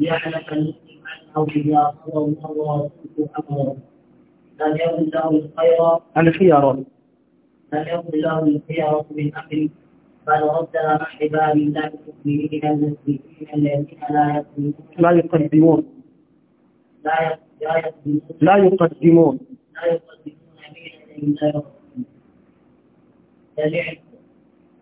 ليعلم المسلم انه اذا اخبره الله ورسوله امره ان يكن له الخير الخيار ان يكن له الخير من امره فنردها مع عباد الله المؤمنين المسلمين الذين لا يقدمون لا يقدمون لا يقدمون لا يقدمون لا يقدمون بين يدي الله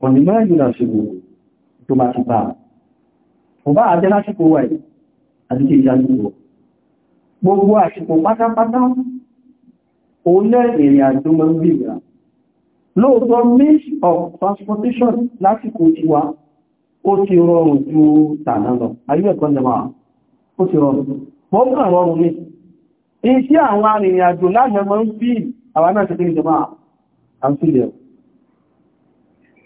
òní mẹ́rin lásìkò tó máa ti bá ọba àjẹ́ lásìkò wà àdíkè ìyàlúwọ̀ gbogbo àsìkò pátápátá olẹ́ ìrìn àjò mọ́ bíbà lóòtọ́ means of transportation lásìkò tiwa ó ti rọrùn ju tànà lọ ayé ẹ̀kọ́ jẹma ó ti rọrùn wọ́n kàn rọrùn ní iṣẹ́ àwọn arìnrìn àjò láàrín mọ́ bí àwọn náà ti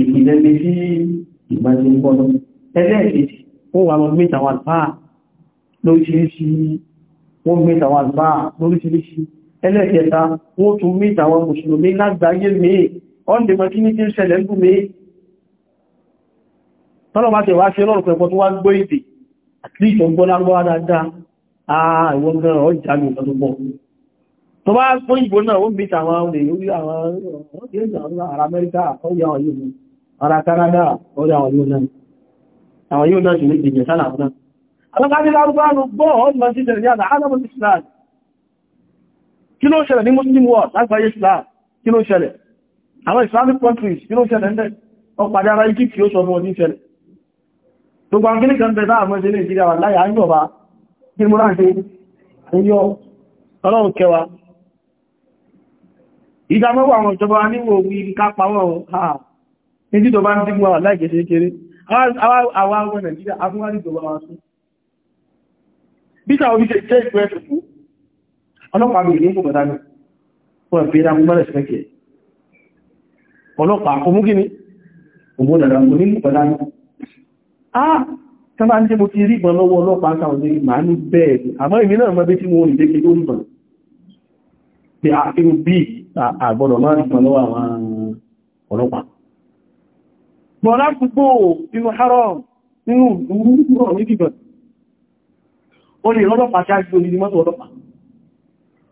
ìpìlẹ̀ sí ìgbàjẹ́ ìgbọ́nà ẹlẹ́ẹ̀kejì ó wà lọ mẹ́ta wà fáà lóríṣiríṣi wọ́n mẹ́ta wà fáà lóríṣiríṣi ẹlẹ́ẹ̀kẹta wọ́n tún mẹ́ta wà mùsùlùmí lágbàáyé mẹ́ẹ̀ ọ́ndẹ̀ mọ́ kí ní tí ń ṣẹlẹ̀ ń bú mẹ́ẹ̀ ah, àwọn olè orí àwọn ará Amẹ́ríkà ọ̀yà ọ̀yọ́ ara Canada orí àwọn yóò náà àwọn yóò náà sì ní ìgbìyàn sálà fún náà alákàájí lárúbánu gbọ́ ọmọ sí jẹ̀rẹ̀ yàdà alábọ̀ Islam kí ló ṣẹlẹ̀ ní Muslim world lágbàáyé Islam kí ló ṣẹlẹ̀ àwọn Islamic countries kí ló ṣẹlẹ̀ ẹ̀ ọpàdé ara Egypt yóò sọ fún ọdún ṣẹlẹ̀ gbogbo àwọn kíní kan bẹ̀rẹ̀ àwọn ìṣẹ́lẹ̀ ìṣẹ́lẹ̀ wà láyà ń yọba kí mo ráṣe ẹyọ ọlọ́run kẹwa ìdámọ́wọ́ àwọn ìjọba níwò wí kápá wọn ní títò bá ń dígbò àwọn láìkẹsẹ̀ kéré àwọn àwọn nàìjíríà afúnwárí tó wá sí bíta orí jẹ́ ìpò ẹ̀sùn fún ọlọ́pàá mi ní kò bọ̀dá ní fún ẹ̀fẹ́ ìdá mú mẹ́rẹ̀ sẹ́kẹ̀ ọlọ́pàá kò mú kí ni òmò dàdà kò ní bọ̀dá ní ah tán bá ń jẹ́ mo ti rí ìbọn lọ́wọ́ ọlọ́pàá sáwọn ní màá ní bẹ́ẹ̀ ni àmọ́ èmi náà mọ́ bí tí mo rí dékè lórí ìbọn bí àfihàn bí àgbọ̀dọ̀ máa ń ìbọn lọ́wọ́ àwọn ọlọ́pàá bọ̀ lásìgbò inú haram nínú ìrúrú ní kìbọn ó lè rọ́lọ́pàá tí a gbé olè ní mọ́tò ọlọ́pàá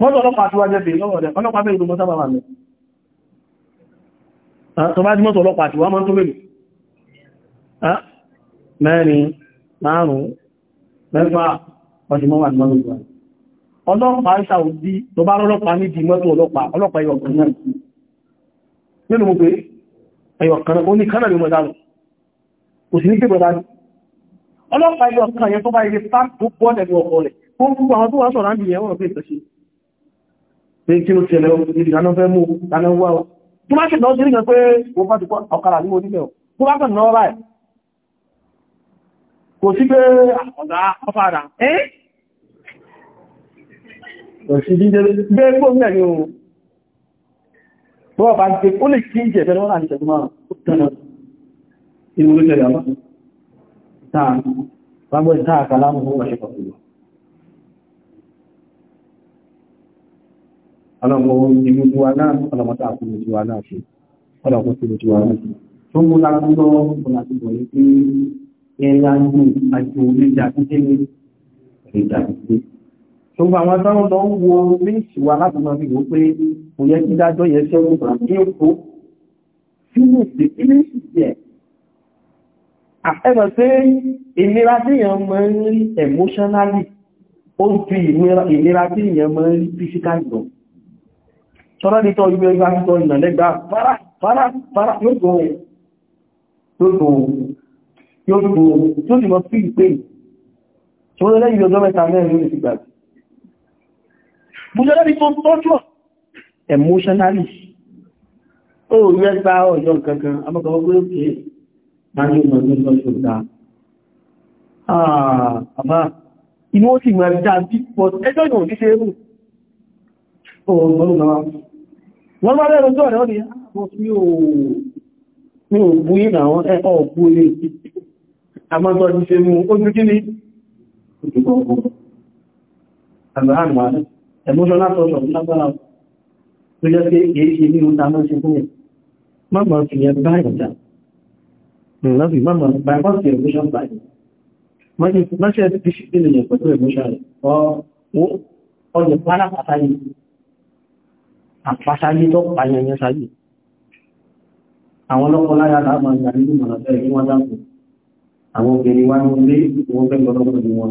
mọ́tò ọlọ́pàá tí wá jẹ́ bèèrè lọ́wọ́ rẹ̀ ọlọ́pàá bèèrè lọ́mọ́ sábà rẹ̀ ah, tó bá jí mọ́tò ọlọ́pàá tí wá mọ́ tó bèèrè ah, mẹ́rin márùn-ún mẹ́fà ọdún mọ́wàá ọlọ́pàá ìṣàwòdí tó bá rọ́lọ́pàá ní di mọ́tò ọlọ́pàá ọlọ́pàá ìwọ̀n ẹyọ kan ó ní kánà lè mọ̀ dánù kò sí ní kí mọ̀ dánù ọlọ́pàá ẹgbẹ́ ọkàn yẹn tó bá ilé sáà tó bọ́ ẹ̀lú ọkọ̀ rẹ̀ tó ń gbogbo àwọn tó wà sọ̀rọ̀ àmì ẹ̀wọ̀n pé ìtọ́sí pé kí ló tẹ̀lẹ̀ ìdí ìdáná fẹ́ mú ìdáná wá ọ tó bá ṣètọ́ sí nìkan pé wọ́n bá ti pọ́ ọ̀kadà ní onílẹ̀ tó bá kàn náà báyìí kò sí pé ọ̀gá ọ̀fàdà tó wà bá ń pé ó lè kí ń jẹ́ fẹ́ lọ́nà àìṣẹ́gbọ́n márùn ún tánà inú orílẹ̀ àmá táà rágbọ́ ìtáà kàlámù ó wà ṣe pàpùlọ̀ ọlọ́mọ inú tí wà náà ọlọ́mọ táà fún ojú wà náà ṣe ọlọ́mọ tí ojú wà náà ṣe tó gba àwọn tán lọ ń wo méjì wa láti máa fi wò pé kò yẹ kí dájọ́ yẹ ṣe ó gbà ní èkó fílẹ̀sì fílẹ̀sì jẹ́ àfẹ́mọ̀ pé ìnira tí èèyàn máa ń rí emotionally ó ju ìnira tí èèyàn máa ń rí physically lọ tọ́rọ́ ní tọ́ ìwé ìgbà tọ́ ìnàlẹ́gbà fara fara fara yóò gbọ́ yóò gbọ́ yóò gbọ́ tí ó sì mọ́ fíì pé tí ó lẹ́yìn ọjọ́ mẹ́ta mẹ́rin ní ìgbàgbà mo jẹ́ lẹ́bí tó ń tọ́jú emotionally ó rí ẹgbà ọjọ́ kankan amọ́kọ̀ ọgbẹ́ òkè máa ní ọmọ ní ọjọ́ ìdá àbá inú ó sì mẹ́rin dáa bí but ẹjọ́ ìwọ̀n ní ṣe é rù wọ́n máa lẹ́rọ tó ọ̀rẹ́ ọ̀rẹ́ ah, mi ò bú ìnà wọn ẹ̀kọ́ òkú ilé àmọ́tọ́ ti ṣe mú ojú emotional torture lágbára tó jẹ́ pé èyí ṣe ní ohun tàbí ṣe fún ẹ̀ mọ́mọ̀ fi ẹ bá ìjà lọ́fì mọ́mọ̀ bypass the emotion by mọ́ṣẹ́ discipline yẹn pẹ̀lú emotion rẹ̀ ọjọ́ pàdà pàtàkì àpàṣáyé tó pàyẹnyẹ sáyé àwọn ọlọ́pọ̀ láyá láàmà ìgbà nínú mọ̀lá fẹ́ kí wọ́n dákùn àwọn obìnrin wá ní ilé ìwọ́n fẹ́ lọ́lọ́pọ̀ ní wọn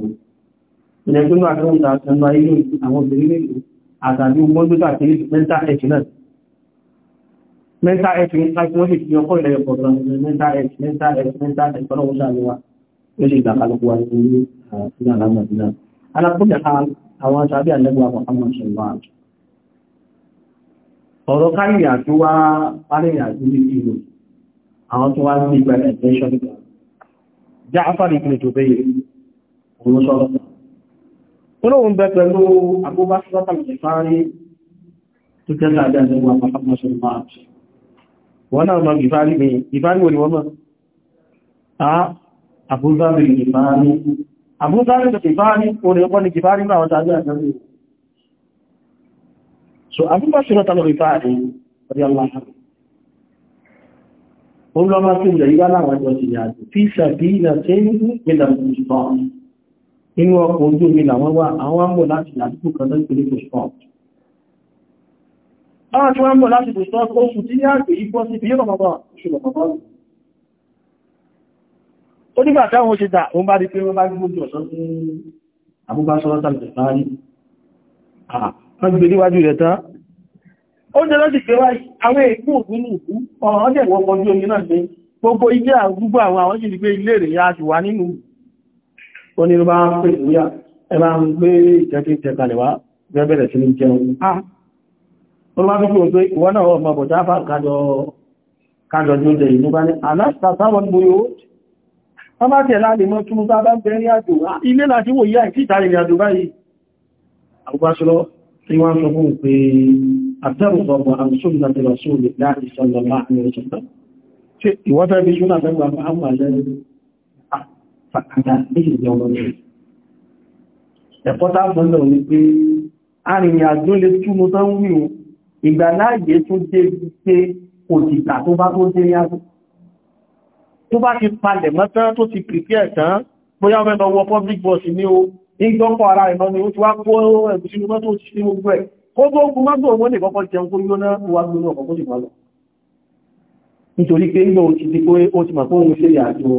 ìlẹ́gbẹ́nú àtọ́ǹta ẹnu ayé àwọn obìnrin méjì àtàbí mọ́jútà tí mental health náà mental health ní láti wọ́n lè fi ọkọ̀ ilẹ̀ ọ̀pọ̀lọpọ̀ mental health mental health mental health ọlọ́wọ́ sàlẹ́wà ó lè gbà kálùkù wa ní ilé alámọ̀dínà alákùnjà àwọn sàbí àlẹ́gbà Muhammad sallallahu alaihi ọ̀rọ̀ káyìyà tó wá pàríyà tó lè fi lò olóhun bẹ pẹ̀lú abúbáṣọ́tà ìfàárí tó tẹ́lá àdájẹ́wà pàtàkì máàpì wọ́n náà mọ̀ ìfàárí ní ìfàárí wọ́n ni wọ́n mọ̀ àbúbáṣọ́tà ìfàárí àbúbáṣọ́tà ìfàárí orí ọkọ́ ni ìfàárí náà wọ́n tàbí àjẹ́ so àbúbáṣọ́tà ìfàárí rí aláhà ó lọ́mọ́ sí ilẹ̀ ìgbà láwọn ọjọ́ sí ìyàjò fíṣà bí ìlà tẹ́lú ìlànà inú ọkọ̀ ojú omi làwọn wà àwọn àmọ̀ láti àdúgbò kan lọ́pẹ̀lẹ̀ tó sọ àwọn tí wọ́n mọ̀ láti tó sọ oṣù tí yá pè ipọ́ sí fíyẹ́ lọ́pọ̀pọ̀ oṣù lọ́pọ̀pọ̀ ó nígbà táwọn ṣe dà wọ́n bá rí pé wọ́n bá gbójú ọ̀sán fún àbúbásọ́rọ́ tàbí tàbí wọ́n gbé níwájú rẹ̀ tán ó jẹ́ lọ́sì pé àwọn èkó òkúnlù ìlú ọ̀rọ̀ ọdẹ̀ wọ́n kọjú omi náà ní gbogbo ilé àgbúgbò àwọn àwọn sì ní pé ilé rẹ̀ yá ti wà nínú ó ní bá ń pè ìwúyà ẹ bá ń gbé ìjẹ́kí ìjẹkalẹ̀ wá bẹ́ẹ̀bẹ̀rẹ̀ sí ní jẹun ah! ó bá fífò pé ìwọ́n náà ọmọ bọ̀ jáfà kájọ jóde ìlú bá ní aláṣà sáwọn gbóyó wọ́n bá tẹ̀ láàrin mọ́ tún bá bá bẹ̀rẹ̀ àjò ah! ilé láti wò yá ìtì ìtàrí ìrìnàjò báyìí àgbàṣọ́lọ́ tí wọ́n sọ fún pé àtẹ́rùsọ̀bọ̀ fàkàtà sí ìjọba rẹ̀. Ẹ̀kọ́ tábọ̀lọ̀ ní pé arìnrìn-àjò lè túnmọ́ tán wí o, ìgbà láàyè tó dé pé òtìgbà tó bá tó dé yàtò. Tó bá ti palẹ̀ mọ́tán tó ti prepare tán, bóyá mẹ́lọ wọ public bus ni o, ìjọpọ̀ ara ìmọ́ ni ó ti wá kó ẹ̀bùsí mọ́tò ti sí gbogbo ẹ̀. Kó tó ogun mọ́tò owó lè kọ́kọ́ jẹun kó yóná wà lórí ọkọ̀ kó sì wá lọ. Nítorí pé ń gbọ́ òtìdí pé ó ti mọ̀ fóun ṣe ìyàjò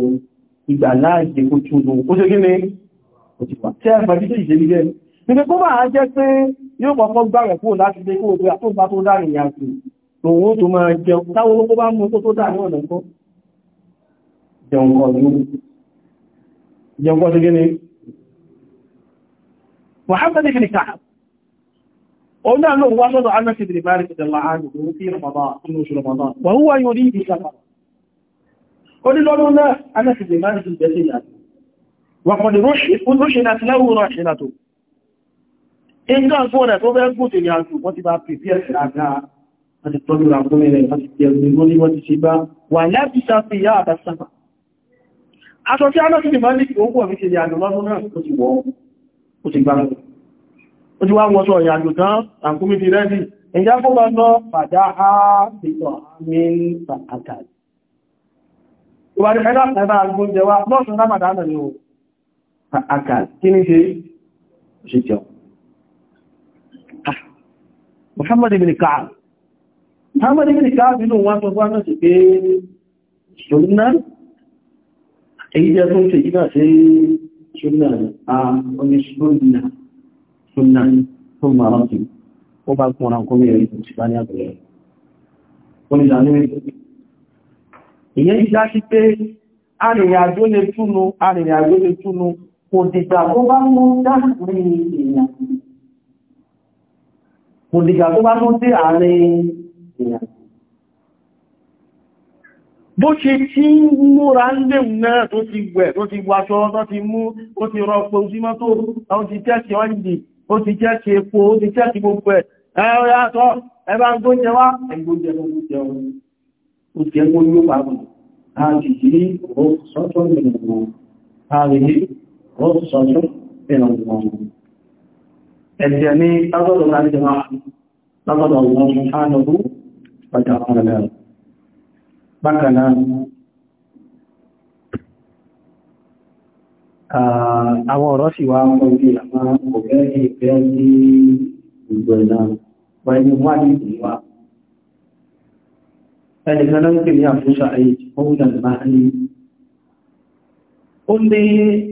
ìgbà láàájẹ́ kó tún lò ó ṣe kí ni òtìpá tí a fàájí tó ìṣẹ́lú jẹ́ nígbẹ́ kó máa jẹ́ pé yóò pọ̀pọ̀ gbàrẹ̀ kó láti dé kó òpé àtúgbà tó dárin ìyàtì lòun ó tó máa jẹun táwọn olóko bá mú kó tó dárin ọ̀nà kọ́ jẹun kọ́ ní jẹun kọ́ sí kí ni Muhammad ibn Ka'ab ó náà lóun wá sọ́dọ̀ Anas ibn Malik radiyallahu anhu fi Ramadan inú oṣù Ramadan wa huwa yuridu safara onílọ́dún náà anẹ́sìdè máa ń tún bẹ̀ẹ́sì ìyàtò wàkọ̀dì rúṣì láti láwọ́ ránṣẹ́ látò nǹkan fún ọ̀nà tó bẹ́ gùn tèrè àjò wọ́n ti bá pèpí ẹ̀sì àgá àti tọ́jú àgbómìnrin láti tẹ̀lú ní wọ́n ti ṣe bá wà láti sàfihà àbásáfà aṣọ tí a náà sílè máa ní òun pọ̀ méjì ìrìnàjò lọ́dún náà ó ti wọ́ ó ti gbára ó ti wá wọ́n sọ ìrìnàjò tán àkúmí ti rẹ́dì ìjábọ́ bá lọ pàdá á ti tọ̀ àmì àkàrí tó bá ní ẹ̀lá ẹ̀bá agbóúnjẹ wá lọ́sùn rámàdánà ni ó àkà kí ní ṣe ṣe jẹun ah, Muhammad ibn Ka'ab Muhammad ibn Ka'ab nínú wọn tó fún ánà sí pé ṣùgbọ́n èyí jẹ́ tó ń ṣe ìgbà sí ṣùgbọ́n a oní ṣùgbọ́n tó máa rántí ó bá kún ọ̀rán kó mẹ́rin ìpùsìbá ní ìyẹn ń já sí pé arìnrìnàjò lè túnú arìnrìnàjò lè túnú kò dìgbà tó bá mú dáàrin èèyàn kò dìgbà tó bá mú sí àárín èèyàn bó ṣe tí ń múra ń lè náà tó ti gbẹ̀ tó ti wàṣọ tó ti mú ó ti rọpò sí mọ́tò ó ti tẹ́ẹ̀kì ọ́ìdì ó ti tẹ́ẹ̀kì epo ó ti tẹ́ẹ̀kì gbogbo ẹ̀ ẹ̀rọ yàtọ̀ ẹ̀bá gbóúnjẹ wá ẹ̀gbóúnjẹ ó jẹ́ mọ́ yóò pàápù ààrìyí rọ́sọ́tọ́ ìrìnàmọ́ ààrìyí rọ́sọ́tọ́ ìrìnàmọ́ ẹ̀jẹ̀ ni tábọ̀lọ̀ láti máa lábọ̀lọ̀ wọn ánàbú pàtàkùnlẹ̀ bákaná àwọn ọ̀rọ̀ sì wá mọ́ ibi àwọn òfẹ́ ìfẹ́ sí ìgbẹ̀lá wọ́n ni wọ́n ẹnìkan náà ń pè ní àfúnṣà àìjì oúnjẹ ìmáhání ó ní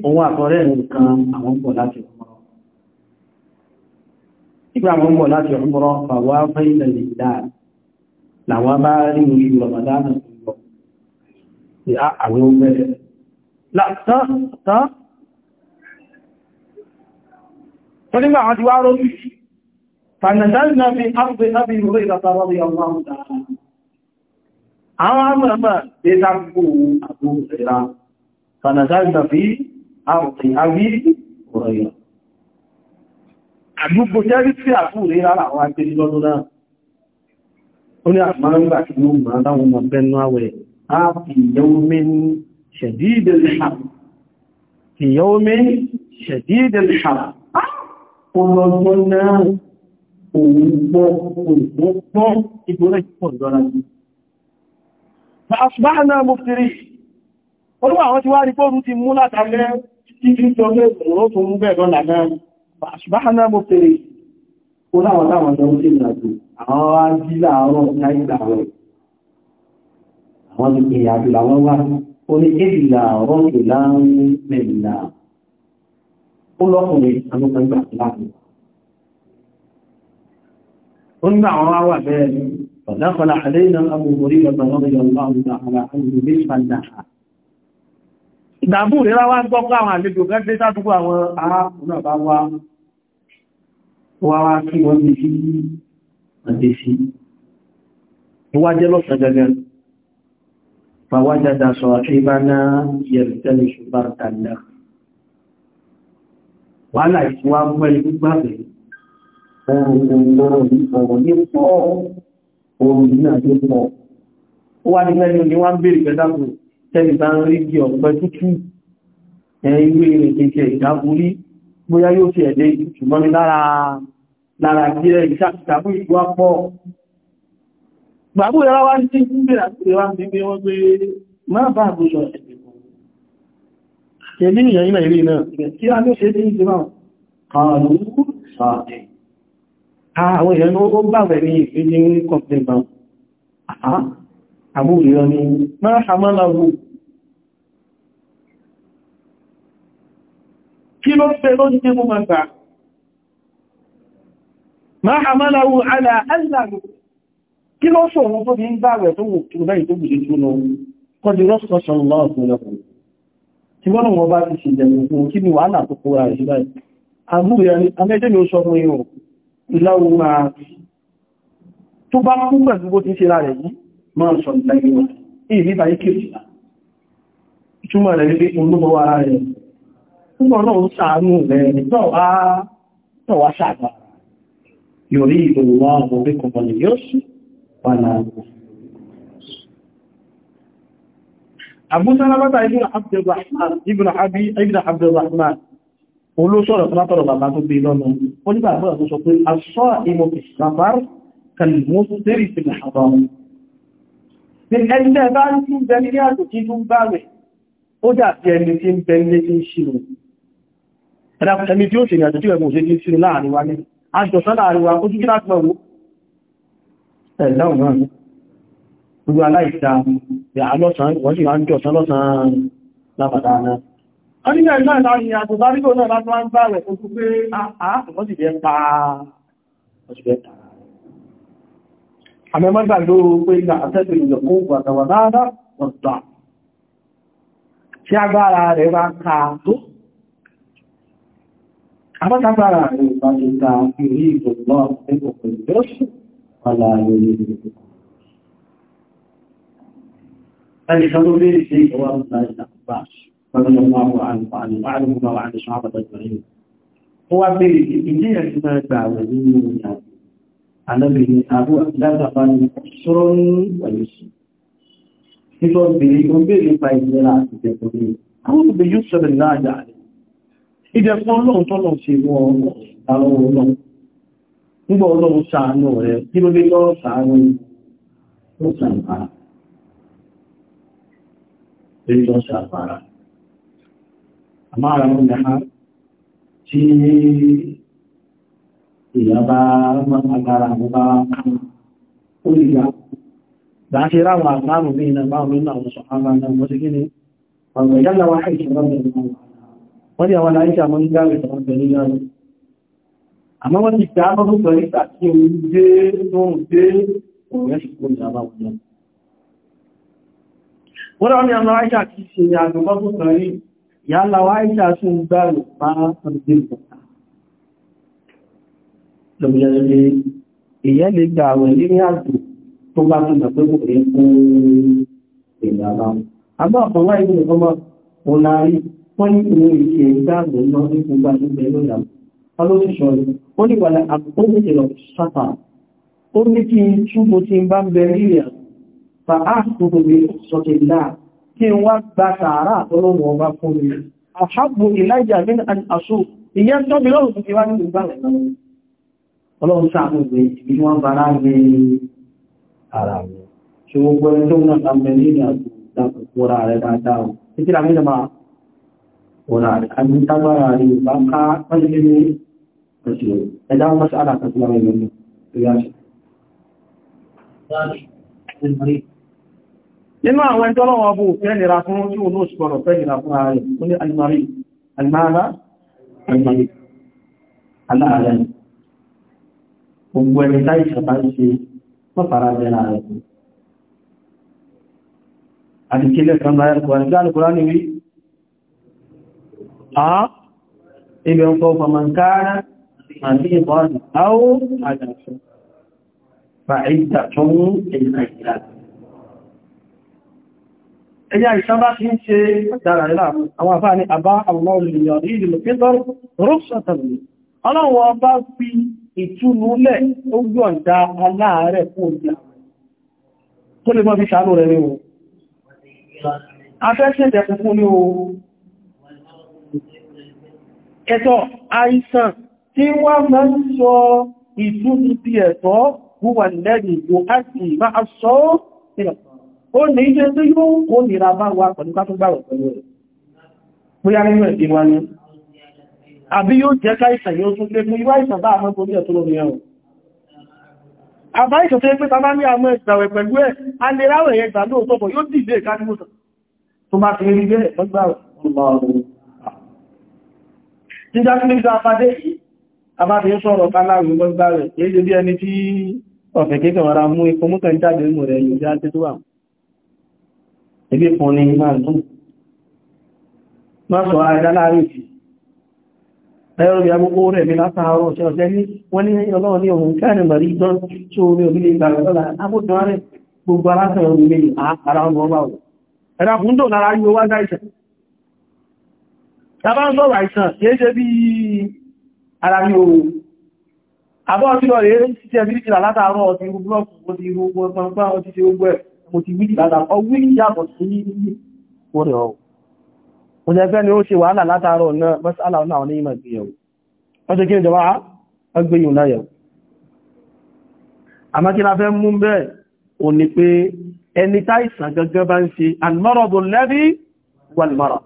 òun àkọrẹ́ nǹkan àwọn pọ̀ láti ọmọrọ ìgbà àwọn pọ̀ láti ọmọrọ fàwọ́ fẹ́ ilẹ̀ ìdá làwọn bá rí oṣù rọ̀mọ̀dánà lọ sí àwọn obẹ̀rẹ̀ àwọn àmàmà lè dákò àbú ìrà fanàzáìta fi àrùn àrí ọ̀rọ̀ àdúgbò jẹ́rí sí àbú ìrà àwọn akéjì lọ́dún náà ó ní àmàràngbà tí ó máa dáwọn ọmọ bẹ́nu àwẹ̀ áàpì yawmin shadidil har fi yawmin shadidil har ọlọ́gbọ́n náà òun gbọ́ òun gbọ́ ìgbóná فأصبحنا مفترين olúwà àwọn ti wá rí fóòrùn ti mú látàlẹ́ títí tí ó lè mú tó mú bẹ̀rọ lànàá فأصبحنا مفترين ó láwọn láwọn jọ sí ìrìnàjò àwọn wá jí láàárọ̀ láyé láàárọ̀ àwọn ìrìnàjò làwọn wá ó lọ́kùnrin àwọn ọmọ ìgbà láàárín ó nígbà àwọn wá bẹ́ẹ̀ فدخل علينا أبو هريرة رضي الله تعالى عنه نصف النهار ìgbàmú ìrẹ́ra wá gbọ́ pé àwọn àlejò kan dé sátúkú àwọn arákùnrin àbá wá wá kí wọ́n ní sí àti sí ìwájẹ́ lọ́sàn gẹ́gẹ́ fàwájádà sọ àṣíbá náà yẹ̀rìtẹ́lẹ̀ ṣùgbà tàbí wàhálà ìsúwá omi náà tó pọ̀ ó wá nígbà ní wọ́n bèèrè pẹ̀lápù tẹ́lì bá ń rí bí ọ̀pẹ tútù ẹ̀yìnwé rẹ̀ kẹ̀kẹ́ ìdáborí bóyá yóò fi ẹ̀dẹ́ ṣùgbọ́n ní lára kílẹ̀ ìṣàkìtàbù ìlú apọ̀ gbàgbó yàrá wá ní tí ń bèèrè àti wá ní pé wọ́n pé má bá àgbóṣọ ẹ̀dẹ̀ àwọn èèyàn ó gbàwẹ̀ ní ìfẹ́jì ní kọ̀pínbà àbúrírọ ni máa hàmánàwò kí ló fẹ́ ló ní mú mọ́ta máa hàmánàwò alà alàrù kí ló sọ ohun tó ní gbàwẹ̀ tó wò tó báyìí tó bù sí túnú kọjú rọ́sọ̀ṣọ̀lọ́ ìlàwó máa rí tó bá kún pẹ̀lú bó ti ṣe rárẹ̀ yìí máa sọ ìtàgbẹ̀wọ̀ ìrí bá yíkè ìrìnà ìtumọ̀ rẹ̀ wípé olóbọ̀ wà rẹ̀ púpọ̀ náà ń sàánú rẹ̀ nítọ̀wà sàgbà yọrí ìgbòròwà ọ̀bẹ̀ kọ̀ọ̀lẹ̀ yóò sí Abu Salamata ibn Abi ibn Abdurrahman olóṣọ́rọ̀ tó látọ̀rọ̀ bàbá tó gbé lọ́nà ó nígbà àbúrà tó sọ pé aṣọ́ ìmọ̀ ìsàfàr kàlùmọ́ sẹ́rì sí àbá wọn ní ẹgbẹ́ bá ń tí ń bẹ nílé àjò tí tó ń bá rẹ̀ ó dàbí ẹni tí ń bẹ nílé tí ń ṣírò ẹni tí ó ṣe ní àjò tí ẹgbùn ṣe tí Ah, ah, wọ́n nígbà ló pé ìgbà àtẹ́bẹ̀ ìlọ̀kún wàtàwà dáadáa wọ̀tà tí agbára rẹ̀ bá ká tó àbátagbára rẹ̀ bá ti ta ìrí ìgbòmọ́ ẹgbòmọ́ ìjọ́sù aláàrẹ̀ ìgbòmọ́ ẹni رضي الله عنه وعن بعضهما وعن الصحابة أجمعين هو في بداية ما بعد من عن ابن أبو لا تقل قصر ويسر nítorí obìnrin bí i nípa ìlera àti ìjẹ̀kùnrin àwọn òbí yóò sọ̀rọ̀ náà yà rẹ̀ ìjẹ̀kùn ọlọ́run tọ́lọ̀ ṣe wọ́n àwọn ọlọ́run nígbà ọlọ́run ṣàánú rẹ̀ kí ló lé lọ́rọ̀ ṣàánú ó ṣàǹfàrà àmára ìlànà tí ìyàbá agbára àgbà ó lè gbà dáṣe ráwọn àtàrù bí iná báwọn nínú àwọn sọ̀hánà náà wọ́n sí kí ni ọ̀rọ̀ ìjọ́lá wá ìṣẹ́rọ̀ wọ́n ni àwọn aláìṣà mọ́ ń ni àwọn aláìṣà kìí yálà wá ìṣà sí ń gbáàrù bá ọdún ìpọ̀ta lọ́gbẹ̀lẹ́gbẹ̀ ìyẹ́ lè gbà àwọn ilé ní àjò tó bá tún gbà pé kò rí fún ìyàbá àbá ọ̀pọ̀lá ìlú ọmọ ọ̀làrí wọ́n ní ìwọ̀n ìṣẹ́ ìgbàgbò náà ní gbogbo àgbẹ̀ lọ́yà ọlọ́síṣọ́ ó ní wà láàpọ̀lọ́ sápà ó ní kí túbò ti bá ń bẹ rí rẹ̀ fa áàkùnkùn bí sọ́tẹ̀ láà kí n wá gba sàárà àtọ́lọ́wọ̀ ọba fún mi àṣàbò ìlàjà ní àṣò ìyẹ́ tọ́bí lọ́rùn fún kíwá nínú ìgbà ọlọ́run sáàmù ìgbé ibi wọ́n bára ní ara rẹ̀ ṣe gbogbo ẹni tó náà tàbí ní àgbò rẹ̀ dáadáa títí ra mílẹ̀ máa ọ̀rà rẹ̀ àgbìtagbára rẹ̀ bá ká pẹ́lú ní ọ̀ṣẹ̀ ẹ̀dá wọ́n sáàdà kàtàlá rẹ̀ lọ́nà nínú àwọn ẹjọ́ lọ́wọ́ bó fẹ́ nira fún tí ó lóòsù gbọ́rọ̀ fẹ́ nira fún ààrẹ ó ní alìmọ̀rí alìmọ̀rá alìmọ̀rí aláàrẹ gbogbo ẹni táì ṣàbá ṣe mọ́fàrà jẹ́ra rẹ̀ àti kílẹ̀ ìrìnàjò ẹ̀yà ìṣàbá ti ń ṣe dára ìlàmù àwọn àfáà ní àbá àwọn olùyàn ìlú pẹ́tọ́rù rọ́pṣọ̀tàlù ọlọ́wọ́ bá fi ìtúnúlẹ̀ ó yọ̀ǹda aláàrẹ̀ fún òjò tó lè mọ́ fi ṣàánú rẹ̀ ríwò afẹ́ṣẹ́ ìdẹ̀kùn fún ní o ẹ̀tọ́ àìsàn tí wọ́n máa ń sọ ìtúnú bí ẹ̀tọ́ wúwà lẹ́yìn yóò á sì máa sọ ìrọ̀pọ̀ ó ní iṣẹ́ tó yóò kó nìra bá wa pẹ̀lú ká tó gbàwọ̀ pẹ̀lú rẹ̀ bóyá nínú ẹ̀dí wa ní àbí yóò jẹ́ káìsàn yóò tún lé mú ìwá ìsàn bá àmọ́ torí ẹ̀tọ́ lómi ẹ̀rùn àbá ìsàn tó yẹ pé tàbá ní àmọ́ ìgbàwẹ̀ pẹ̀lú ẹ̀ a lè ráwẹ̀ yẹn gbà lóòótọ́ bọ̀ yóò dìde ìkánimọ̀ tó bá fi rí bẹ́ẹ̀ lọ́gbà ọ̀rọ̀ jíjá sí nígbà àpàdé àbá fi ń sọ̀rọ̀ ká láàrin lọ́gbà rẹ̀ èyí bí ẹni Ebí fún ní máa ń tún. Má sọ àìdá láàrin ìfì. Ẹ̀rọ bí agbogbo rẹ̀ mi látàárọ̀ ṣe ọ̀sẹ́ ní wọ́n ní ọlọ́run ní òun káàrin bàrí ìdán tí omi òbílẹ̀ ìgbàlọ́lá agbójọ rẹ̀ gbogbo aláṣẹ omi lè àkàrà ọmọ ọba ọ̀. Ẹ̀rà fún dò lára yóò wá dáìsẹ̀. Tàbá ń mo ti wí dáadáa ọwí yàtọ̀ sí orí ọ̀ kò jẹ́ fẹ́ ni ó ṣe wàhálà látàárọ̀ náà bọ́sí aláwọ̀ náà ní ìmọ̀ ìgbìyànwó wọ́n ṣe kí ní jọba agbéyìn náà yẹ̀wò àmá kí la mú bẹ́ẹ̀ ò ní pé ẹni táìsàn gangan bá ń ṣe almaradu alladhi wal marad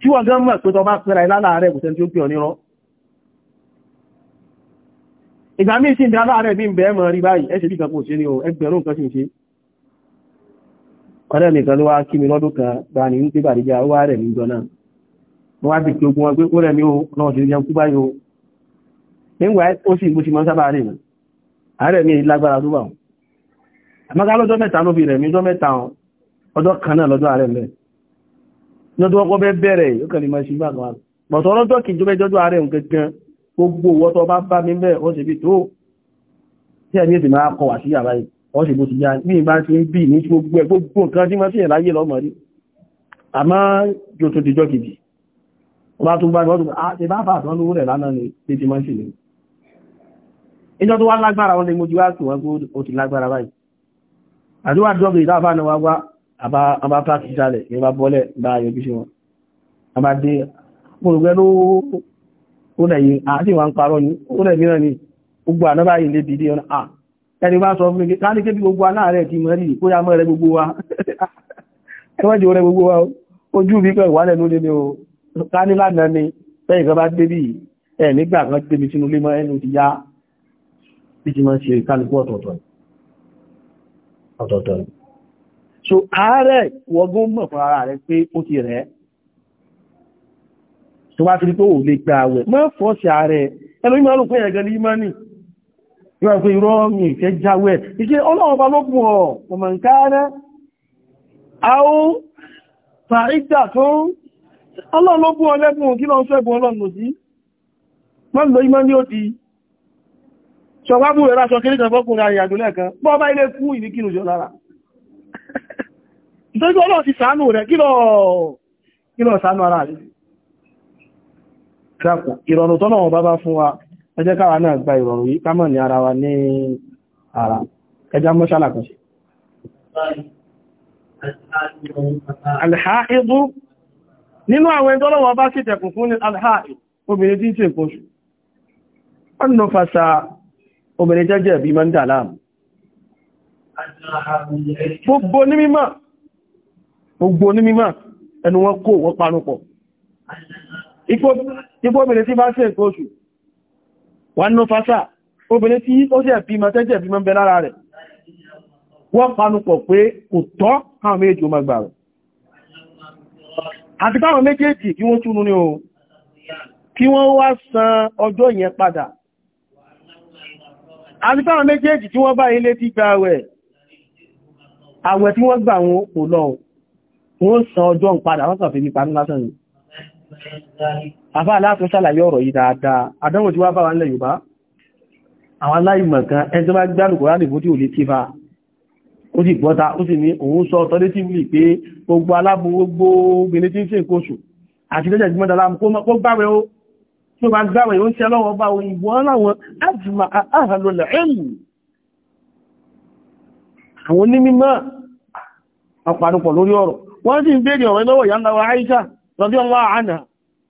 tí wọ́n gan mọ̀ pé tọ́ bá pẹ́ra ìlànà rẹ̀ kò sẹ́ni tí ó pè ọ nírọ́ ìgbà mí sí ìdára rẹ̀ bí bẹ̀ẹ́ mọ̀ rí báyìí ẹ́ṣẹ́ bí kàpò sí ní o ẹgbẹ̀rún nǹkan sí ṣe ọ̀rẹ́ mi kan ló wá kí mi lọ́dún kan gba ní ń pé bàríjà ó wá rẹ̀ ní gbọ́nà wọ́n wá dìkì ogun ọgbẹ́ ó rẹ̀ mi ó náà sí jẹun kú báyìí o nígbà ó sì mo sì gbogbo owó tó bá bá mi bẹ́ẹ̀ ó ṣe bí tó tí ẹni èsì máa kọ sí yàrá yìí ó bó ti yá bí ìbá ṣe ń bí ní gbogbo ẹ̀ nǹkan tí wọ́n sì láyé lọ́mọ rí àmọ́ jò tó dijọ́ kejì wọ́n bá tún bá ìwọ́n ah, bá fà tán ṣe wọn ni mo dé mo rò pẹ́ lóó ọ̀nà yìí àti wọn ni gbogbo àná báyìí lè bìí ọ̀nà à ẹni bá sọ fún mi ká ní kébí gbogbo aláàrẹ̀ ti mọ́ rí kó yá mọ́ rẹ gbogbo wa ẹwọ́dì rẹ gbogbo wa ojú bí pẹ̀ wálẹ̀ ló lélẹ̀ o ká ní lánàá ni bẹ́ẹ̀ so àárẹ̀ wọgún mọ̀ fún ara rẹ tó wá ti rí pé ò lè gba àwẹ̀ mọ́ fọ́ọ̀sì ààrẹ ẹnu ìmọ̀ ọlùpẹ́ ẹ̀gẹ́ ní imani yóò pé irọ́ mi ìfẹ́ jáwẹ̀ ìṣẹ́ ọlọ́run bá lókun ọ̀ ọmọ nǹkan àwọn fàíjà tó ọlọ́run ló bú ọlẹ́bùn kí lọ ń ṣẹ́bùn ọlọ́run sí wọ́n lọ imọ́ ní ó ti ṣọ̀wábù rẹ̀ ráṣọ kéré kan fọ́kùnrin àyàjò lẹ́ẹ̀kan bọ́ bá ilé fún ìníkínú jọ lára ìtọ́jú ọlọ́run ti ṣàánú rẹ̀ kí lọ ṣàánú ara rẹ̀ dákò ìrọ̀rùn tọ́nà wọn bá bá fún wa ẹ jẹ́ káwa náà gba ìrọ̀rùn yìí kámọ̀ ní ara wa ní ara ẹjá mọ́ṣálà kan ṣe alhaidu nínú àwọn ẹni tọ́nà wọn bá sì tẹ̀kùn fún ní alhaidu obìnrin tí ń ṣe nǹkan oṣù ọ̀nà fasa obìnrin jẹ́jẹ́ gbogbo ní mímọ̀ ẹnu wọn kò wọ́n panupọ̀ ipò ipò obìnrin tí bá ṣe nǹkan oṣù wà nínú fásà obìnrin tí ó ṣe bímọ tẹ́jẹ̀ bímọ bẹ lára rẹ̀ wọ́n panupọ̀ pé kò tọ́ káwọn méjì ó magbà rẹ̀ àti káwọn méjèèjì kí wọ́n túnú ní o kí wọ́n wá san ọjọ́ yẹn padà àti káwọn méjèèjì tí wọ́n bá ilé ti gba àwẹ̀ àwẹ̀ tí wọ́n gbà wọn kò lọ wọ́n san ọjọ́ padà wọ́n kàn fi nípa ní ni àfá aláàtún sàlàyé ọ̀rọ̀ yìí dáadáa adánwò tí wá bá wà nílẹ̀ Yorùbá àwọn aláìmọ̀kan ẹni tó bá gbárùkù ránì bó tí ò lè tí fa ó sì gbọ́ta ó sì ní òun sọ tọ́lẹ́tìwìlì pé gbogbo aláàbò gbogbo obìnrin tí ń ṣe nǹkan oṣù àti lẹ́jẹ̀ tí mọ́dá láàmù kó gbáwẹ̀ ó tó bá gbáwẹ̀ ó ń ṣe lọ́wọ́ bá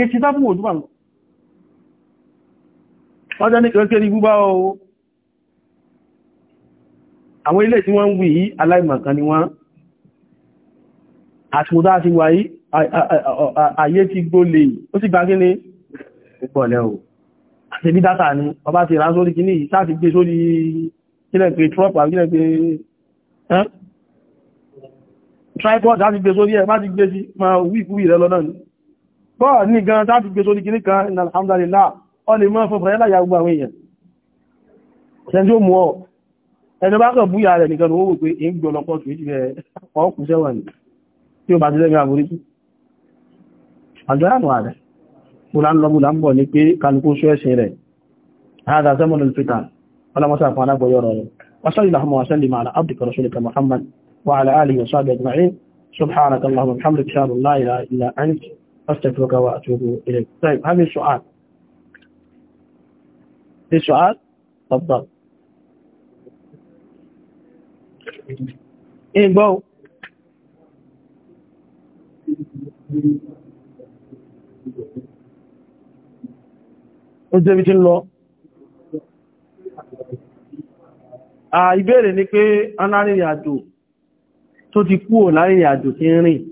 èsì tábùn òdúbà lọ ọjọ́ ní kẹ́kẹ́rí búbá o àwọn ilé tí wọ́n ń wí yí aláìmọ̀kan ni wọ́n àtúndá ti wà yí ayé ti gbólè ó sì gbágí ní ìpọ̀lẹ̀ o àti bí dátà ni ọba ti rán sórí kìíní yìí sáà ti gbé sórí kílẹ̀ pé trump àbí tripod láti gbé sórí ẹ̀ má ti gbé sí ma wíkúwì rẹ lọ́nà ni tọ́ ní gan tàbí gbé sórí kìrí kan ní alhamdulillah ọ mọ́ fún fẹ́lá ya gbogbo àwọn èèyàn ṣẹjọ́ mú ẹni bá kàn búyà rẹ̀ nìkan owó pé èyí gbọ́ lọ́pọ̀ هذا زمن الفتن ولا مسافة أنا بيورا وصلي اللهم وسلم على عبدك رسولك محمد وعلى آله وصحبه أجمعين سبحانك اللهم وبحمدك أشهد أن لا إله إلا أنت أستغفرك وأتوب إليك طيب هذه السؤال في سؤال تفضل إيه بو ojébítí lọ ìbéèrè ni pé anárìnrìn àjò tó ti kúrò lárìnrìn àjò tí ń rìn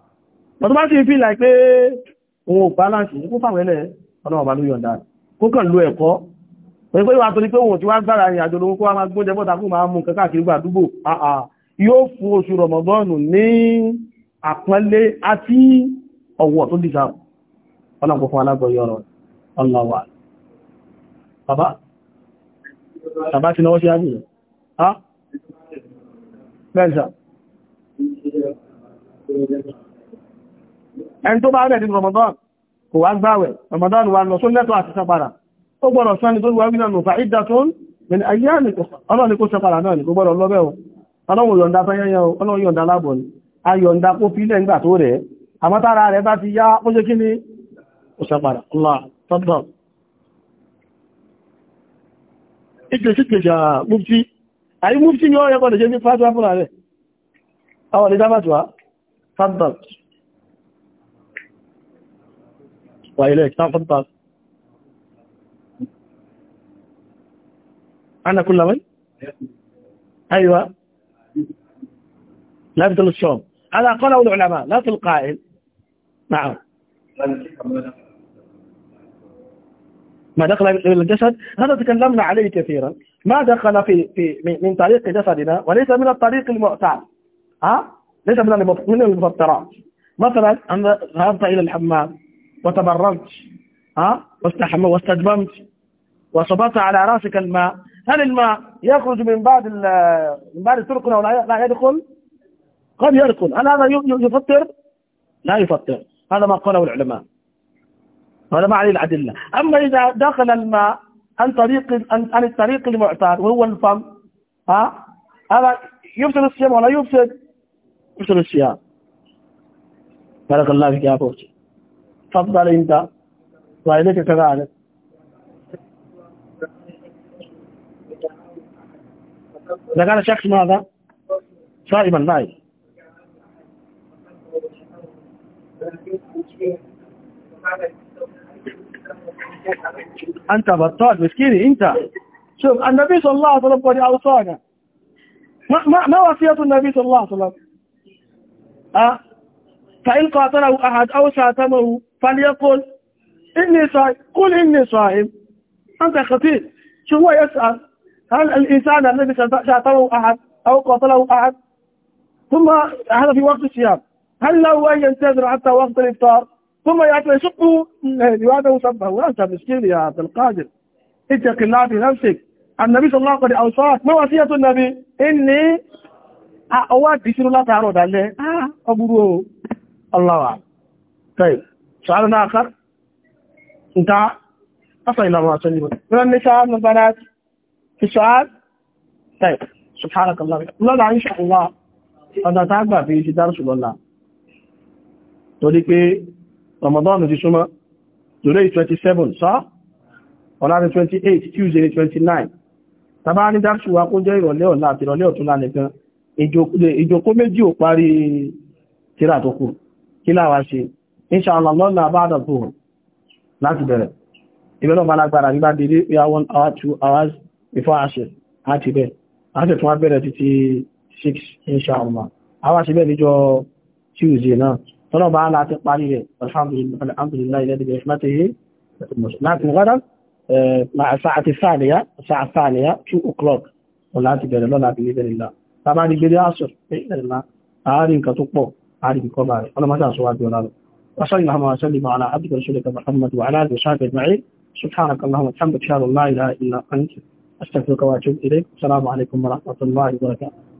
bọ̀tọ́ bá sì fi láì pé òun ò balance ní kó fàwọn ẹlẹ́ ọ̀nà ọ̀bà ló yọ̀ǹda kó kàn lo ẹ̀kọ́ pẹ̀lú pé wà tó ní pé òun ti wá gbára ìrìn àjò lóhun kó wá máa gbóúnjẹ bọ́ta kó máa mú nǹkan káàkiri gbà àdúgbò àà yóò fún oṣù rọ̀mọ̀gọ́nù ní àpọ́nlé àti ọ̀wọ̀ tó want ọlọ́pọ̀ fún alágbọ̀yọ̀ ọ̀rọ̀ ọlọ́wà bàbá bàbá ti náwọ́ sí àjò ha bẹ́ẹ̀ ẹni tó bá rẹ̀ nínú Ramadan kò wá gbáwẹ̀ Ramadan wà lọ sún lẹ́tọ̀ àti sápàdà ó gbọ́dọ̀ sán ní tó wà wílẹ̀ nùfà ìdàtún min ayyáàmìkò ọlọ́ni kó sápàdà náà ní kó gbọ́dọ̀ lọ́bẹ̀ o ọlọ́run yọ̀ǹda fẹ́yẹyẹ o ọlọ́run yọ̀ǹda lábọ̀ ni a yọ̀ǹda kó fílẹ̀ ńgbà tó rẹ̀ àmọ́ tára rẹ̀ bá ti yá ó ṣe kí ni ó sápàdà Allah tọ́tọ̀ ìgbèsíkèjà mufti وإليك فضل أنا كل من؟ أيوة لا يبدل الشوم هذا قاله العلماء لا في القائل نعم ما دخل الجسد هذا تكلمنا عليه كثيرا ما دخل في, في من طريق جسدنا وليس من الطريق المعتاد ها ليس من من المفترات مثلا أن ذهبت إلى الحمام وتبرمت ها واستدممت وصبت على راسك الماء هل الماء يخرج من بعد من بعد ترقنا ولا لا يدخل قد يدخل هل هذا يفطر لا يفطر هذا ما قاله العلماء هذا ما عليه الأدلة أما إذا دخل الماء عن طريق عن الطريق المعتاد وهو الفم ها هذا يفسد الصيام ولا يفسد يفسد الصيام بارك الله فيك يا فوزي تفضل انت وإليك كذلك كان شخص ماذا صائما نائم أنت بطال مسكيني أنت شوف النبي صلى الله عليه وسلم قد أوصانا ما, ما, ما وصية النبي صلى الله عليه وسلم أه فإن قاتله أحد أو شاتمه فليقول إني صائم قل إني صائم أنت خطير شو هو يسأل هل الإنسان الذي شاطره أحد أو قتله أحد ثم هذا في وقت الصيام هل له أن ينتظر حتى وقت الإفطار ثم يأتي يشقه لواده سبه وأنت مسكين يا عبد القادر اتق الله في نفسك النبي صلى الله عليه وسلم أوصاك ما وصية النبي إني أود بسر الله تعرض عليه آه. أبوه الله أعلم طيب سؤال آخر انتهى أصل إلى الله سلم من النساء من البنات في سؤال طيب سبحانك الله لا إن شاء الله هذا تعبى في درس الله torí pé Ramadan ti súnmọ́ today 27 sá ọ̀la ni 28 Tuesday 29 tàbá ní dárṣùwà kó jẹ́ ìrọ̀lẹ́ ọ̀la àti ìrọ̀lẹ́ ọ̀túnlá nìkan ìjòkó méjì ò parí tíra tó kù kí láwá ṣe inshallah lọ́la báadà tó hù láti bẹ̀rẹ̀ ìbẹ̀lọ́ bá lágbára nígbà délé ya one hour two hours before ashe àti bẹ̀ ashe tó wá bẹ̀rẹ̀ títí six inshallah àwa ṣe bẹ́ẹ̀ níjọ́ tuesday náà tọ́nà bá láti parí rẹ̀ alhamdulillah ilẹ̀ ìgbẹ̀ ìfẹ́mẹ́tẹ̀ yìí láti mọ̀gádà àti sáàlìyà sáà sáàlìyà two o'clock láti bẹ̀rẹ̀ lọ́la bí i bẹ̀rẹ̀ náà tàbá ní gbé dé ashe àárín nǹkan tó pọ̀ وصلى اللهم وسلم على عبدك ورسولك محمد وعلى اله وصحبه اجمعين سبحانك اللهم وبحمدك اشهد ان لا اله الا انت استغفرك واتوب اليك السلام عليكم ورحمه الله وبركاته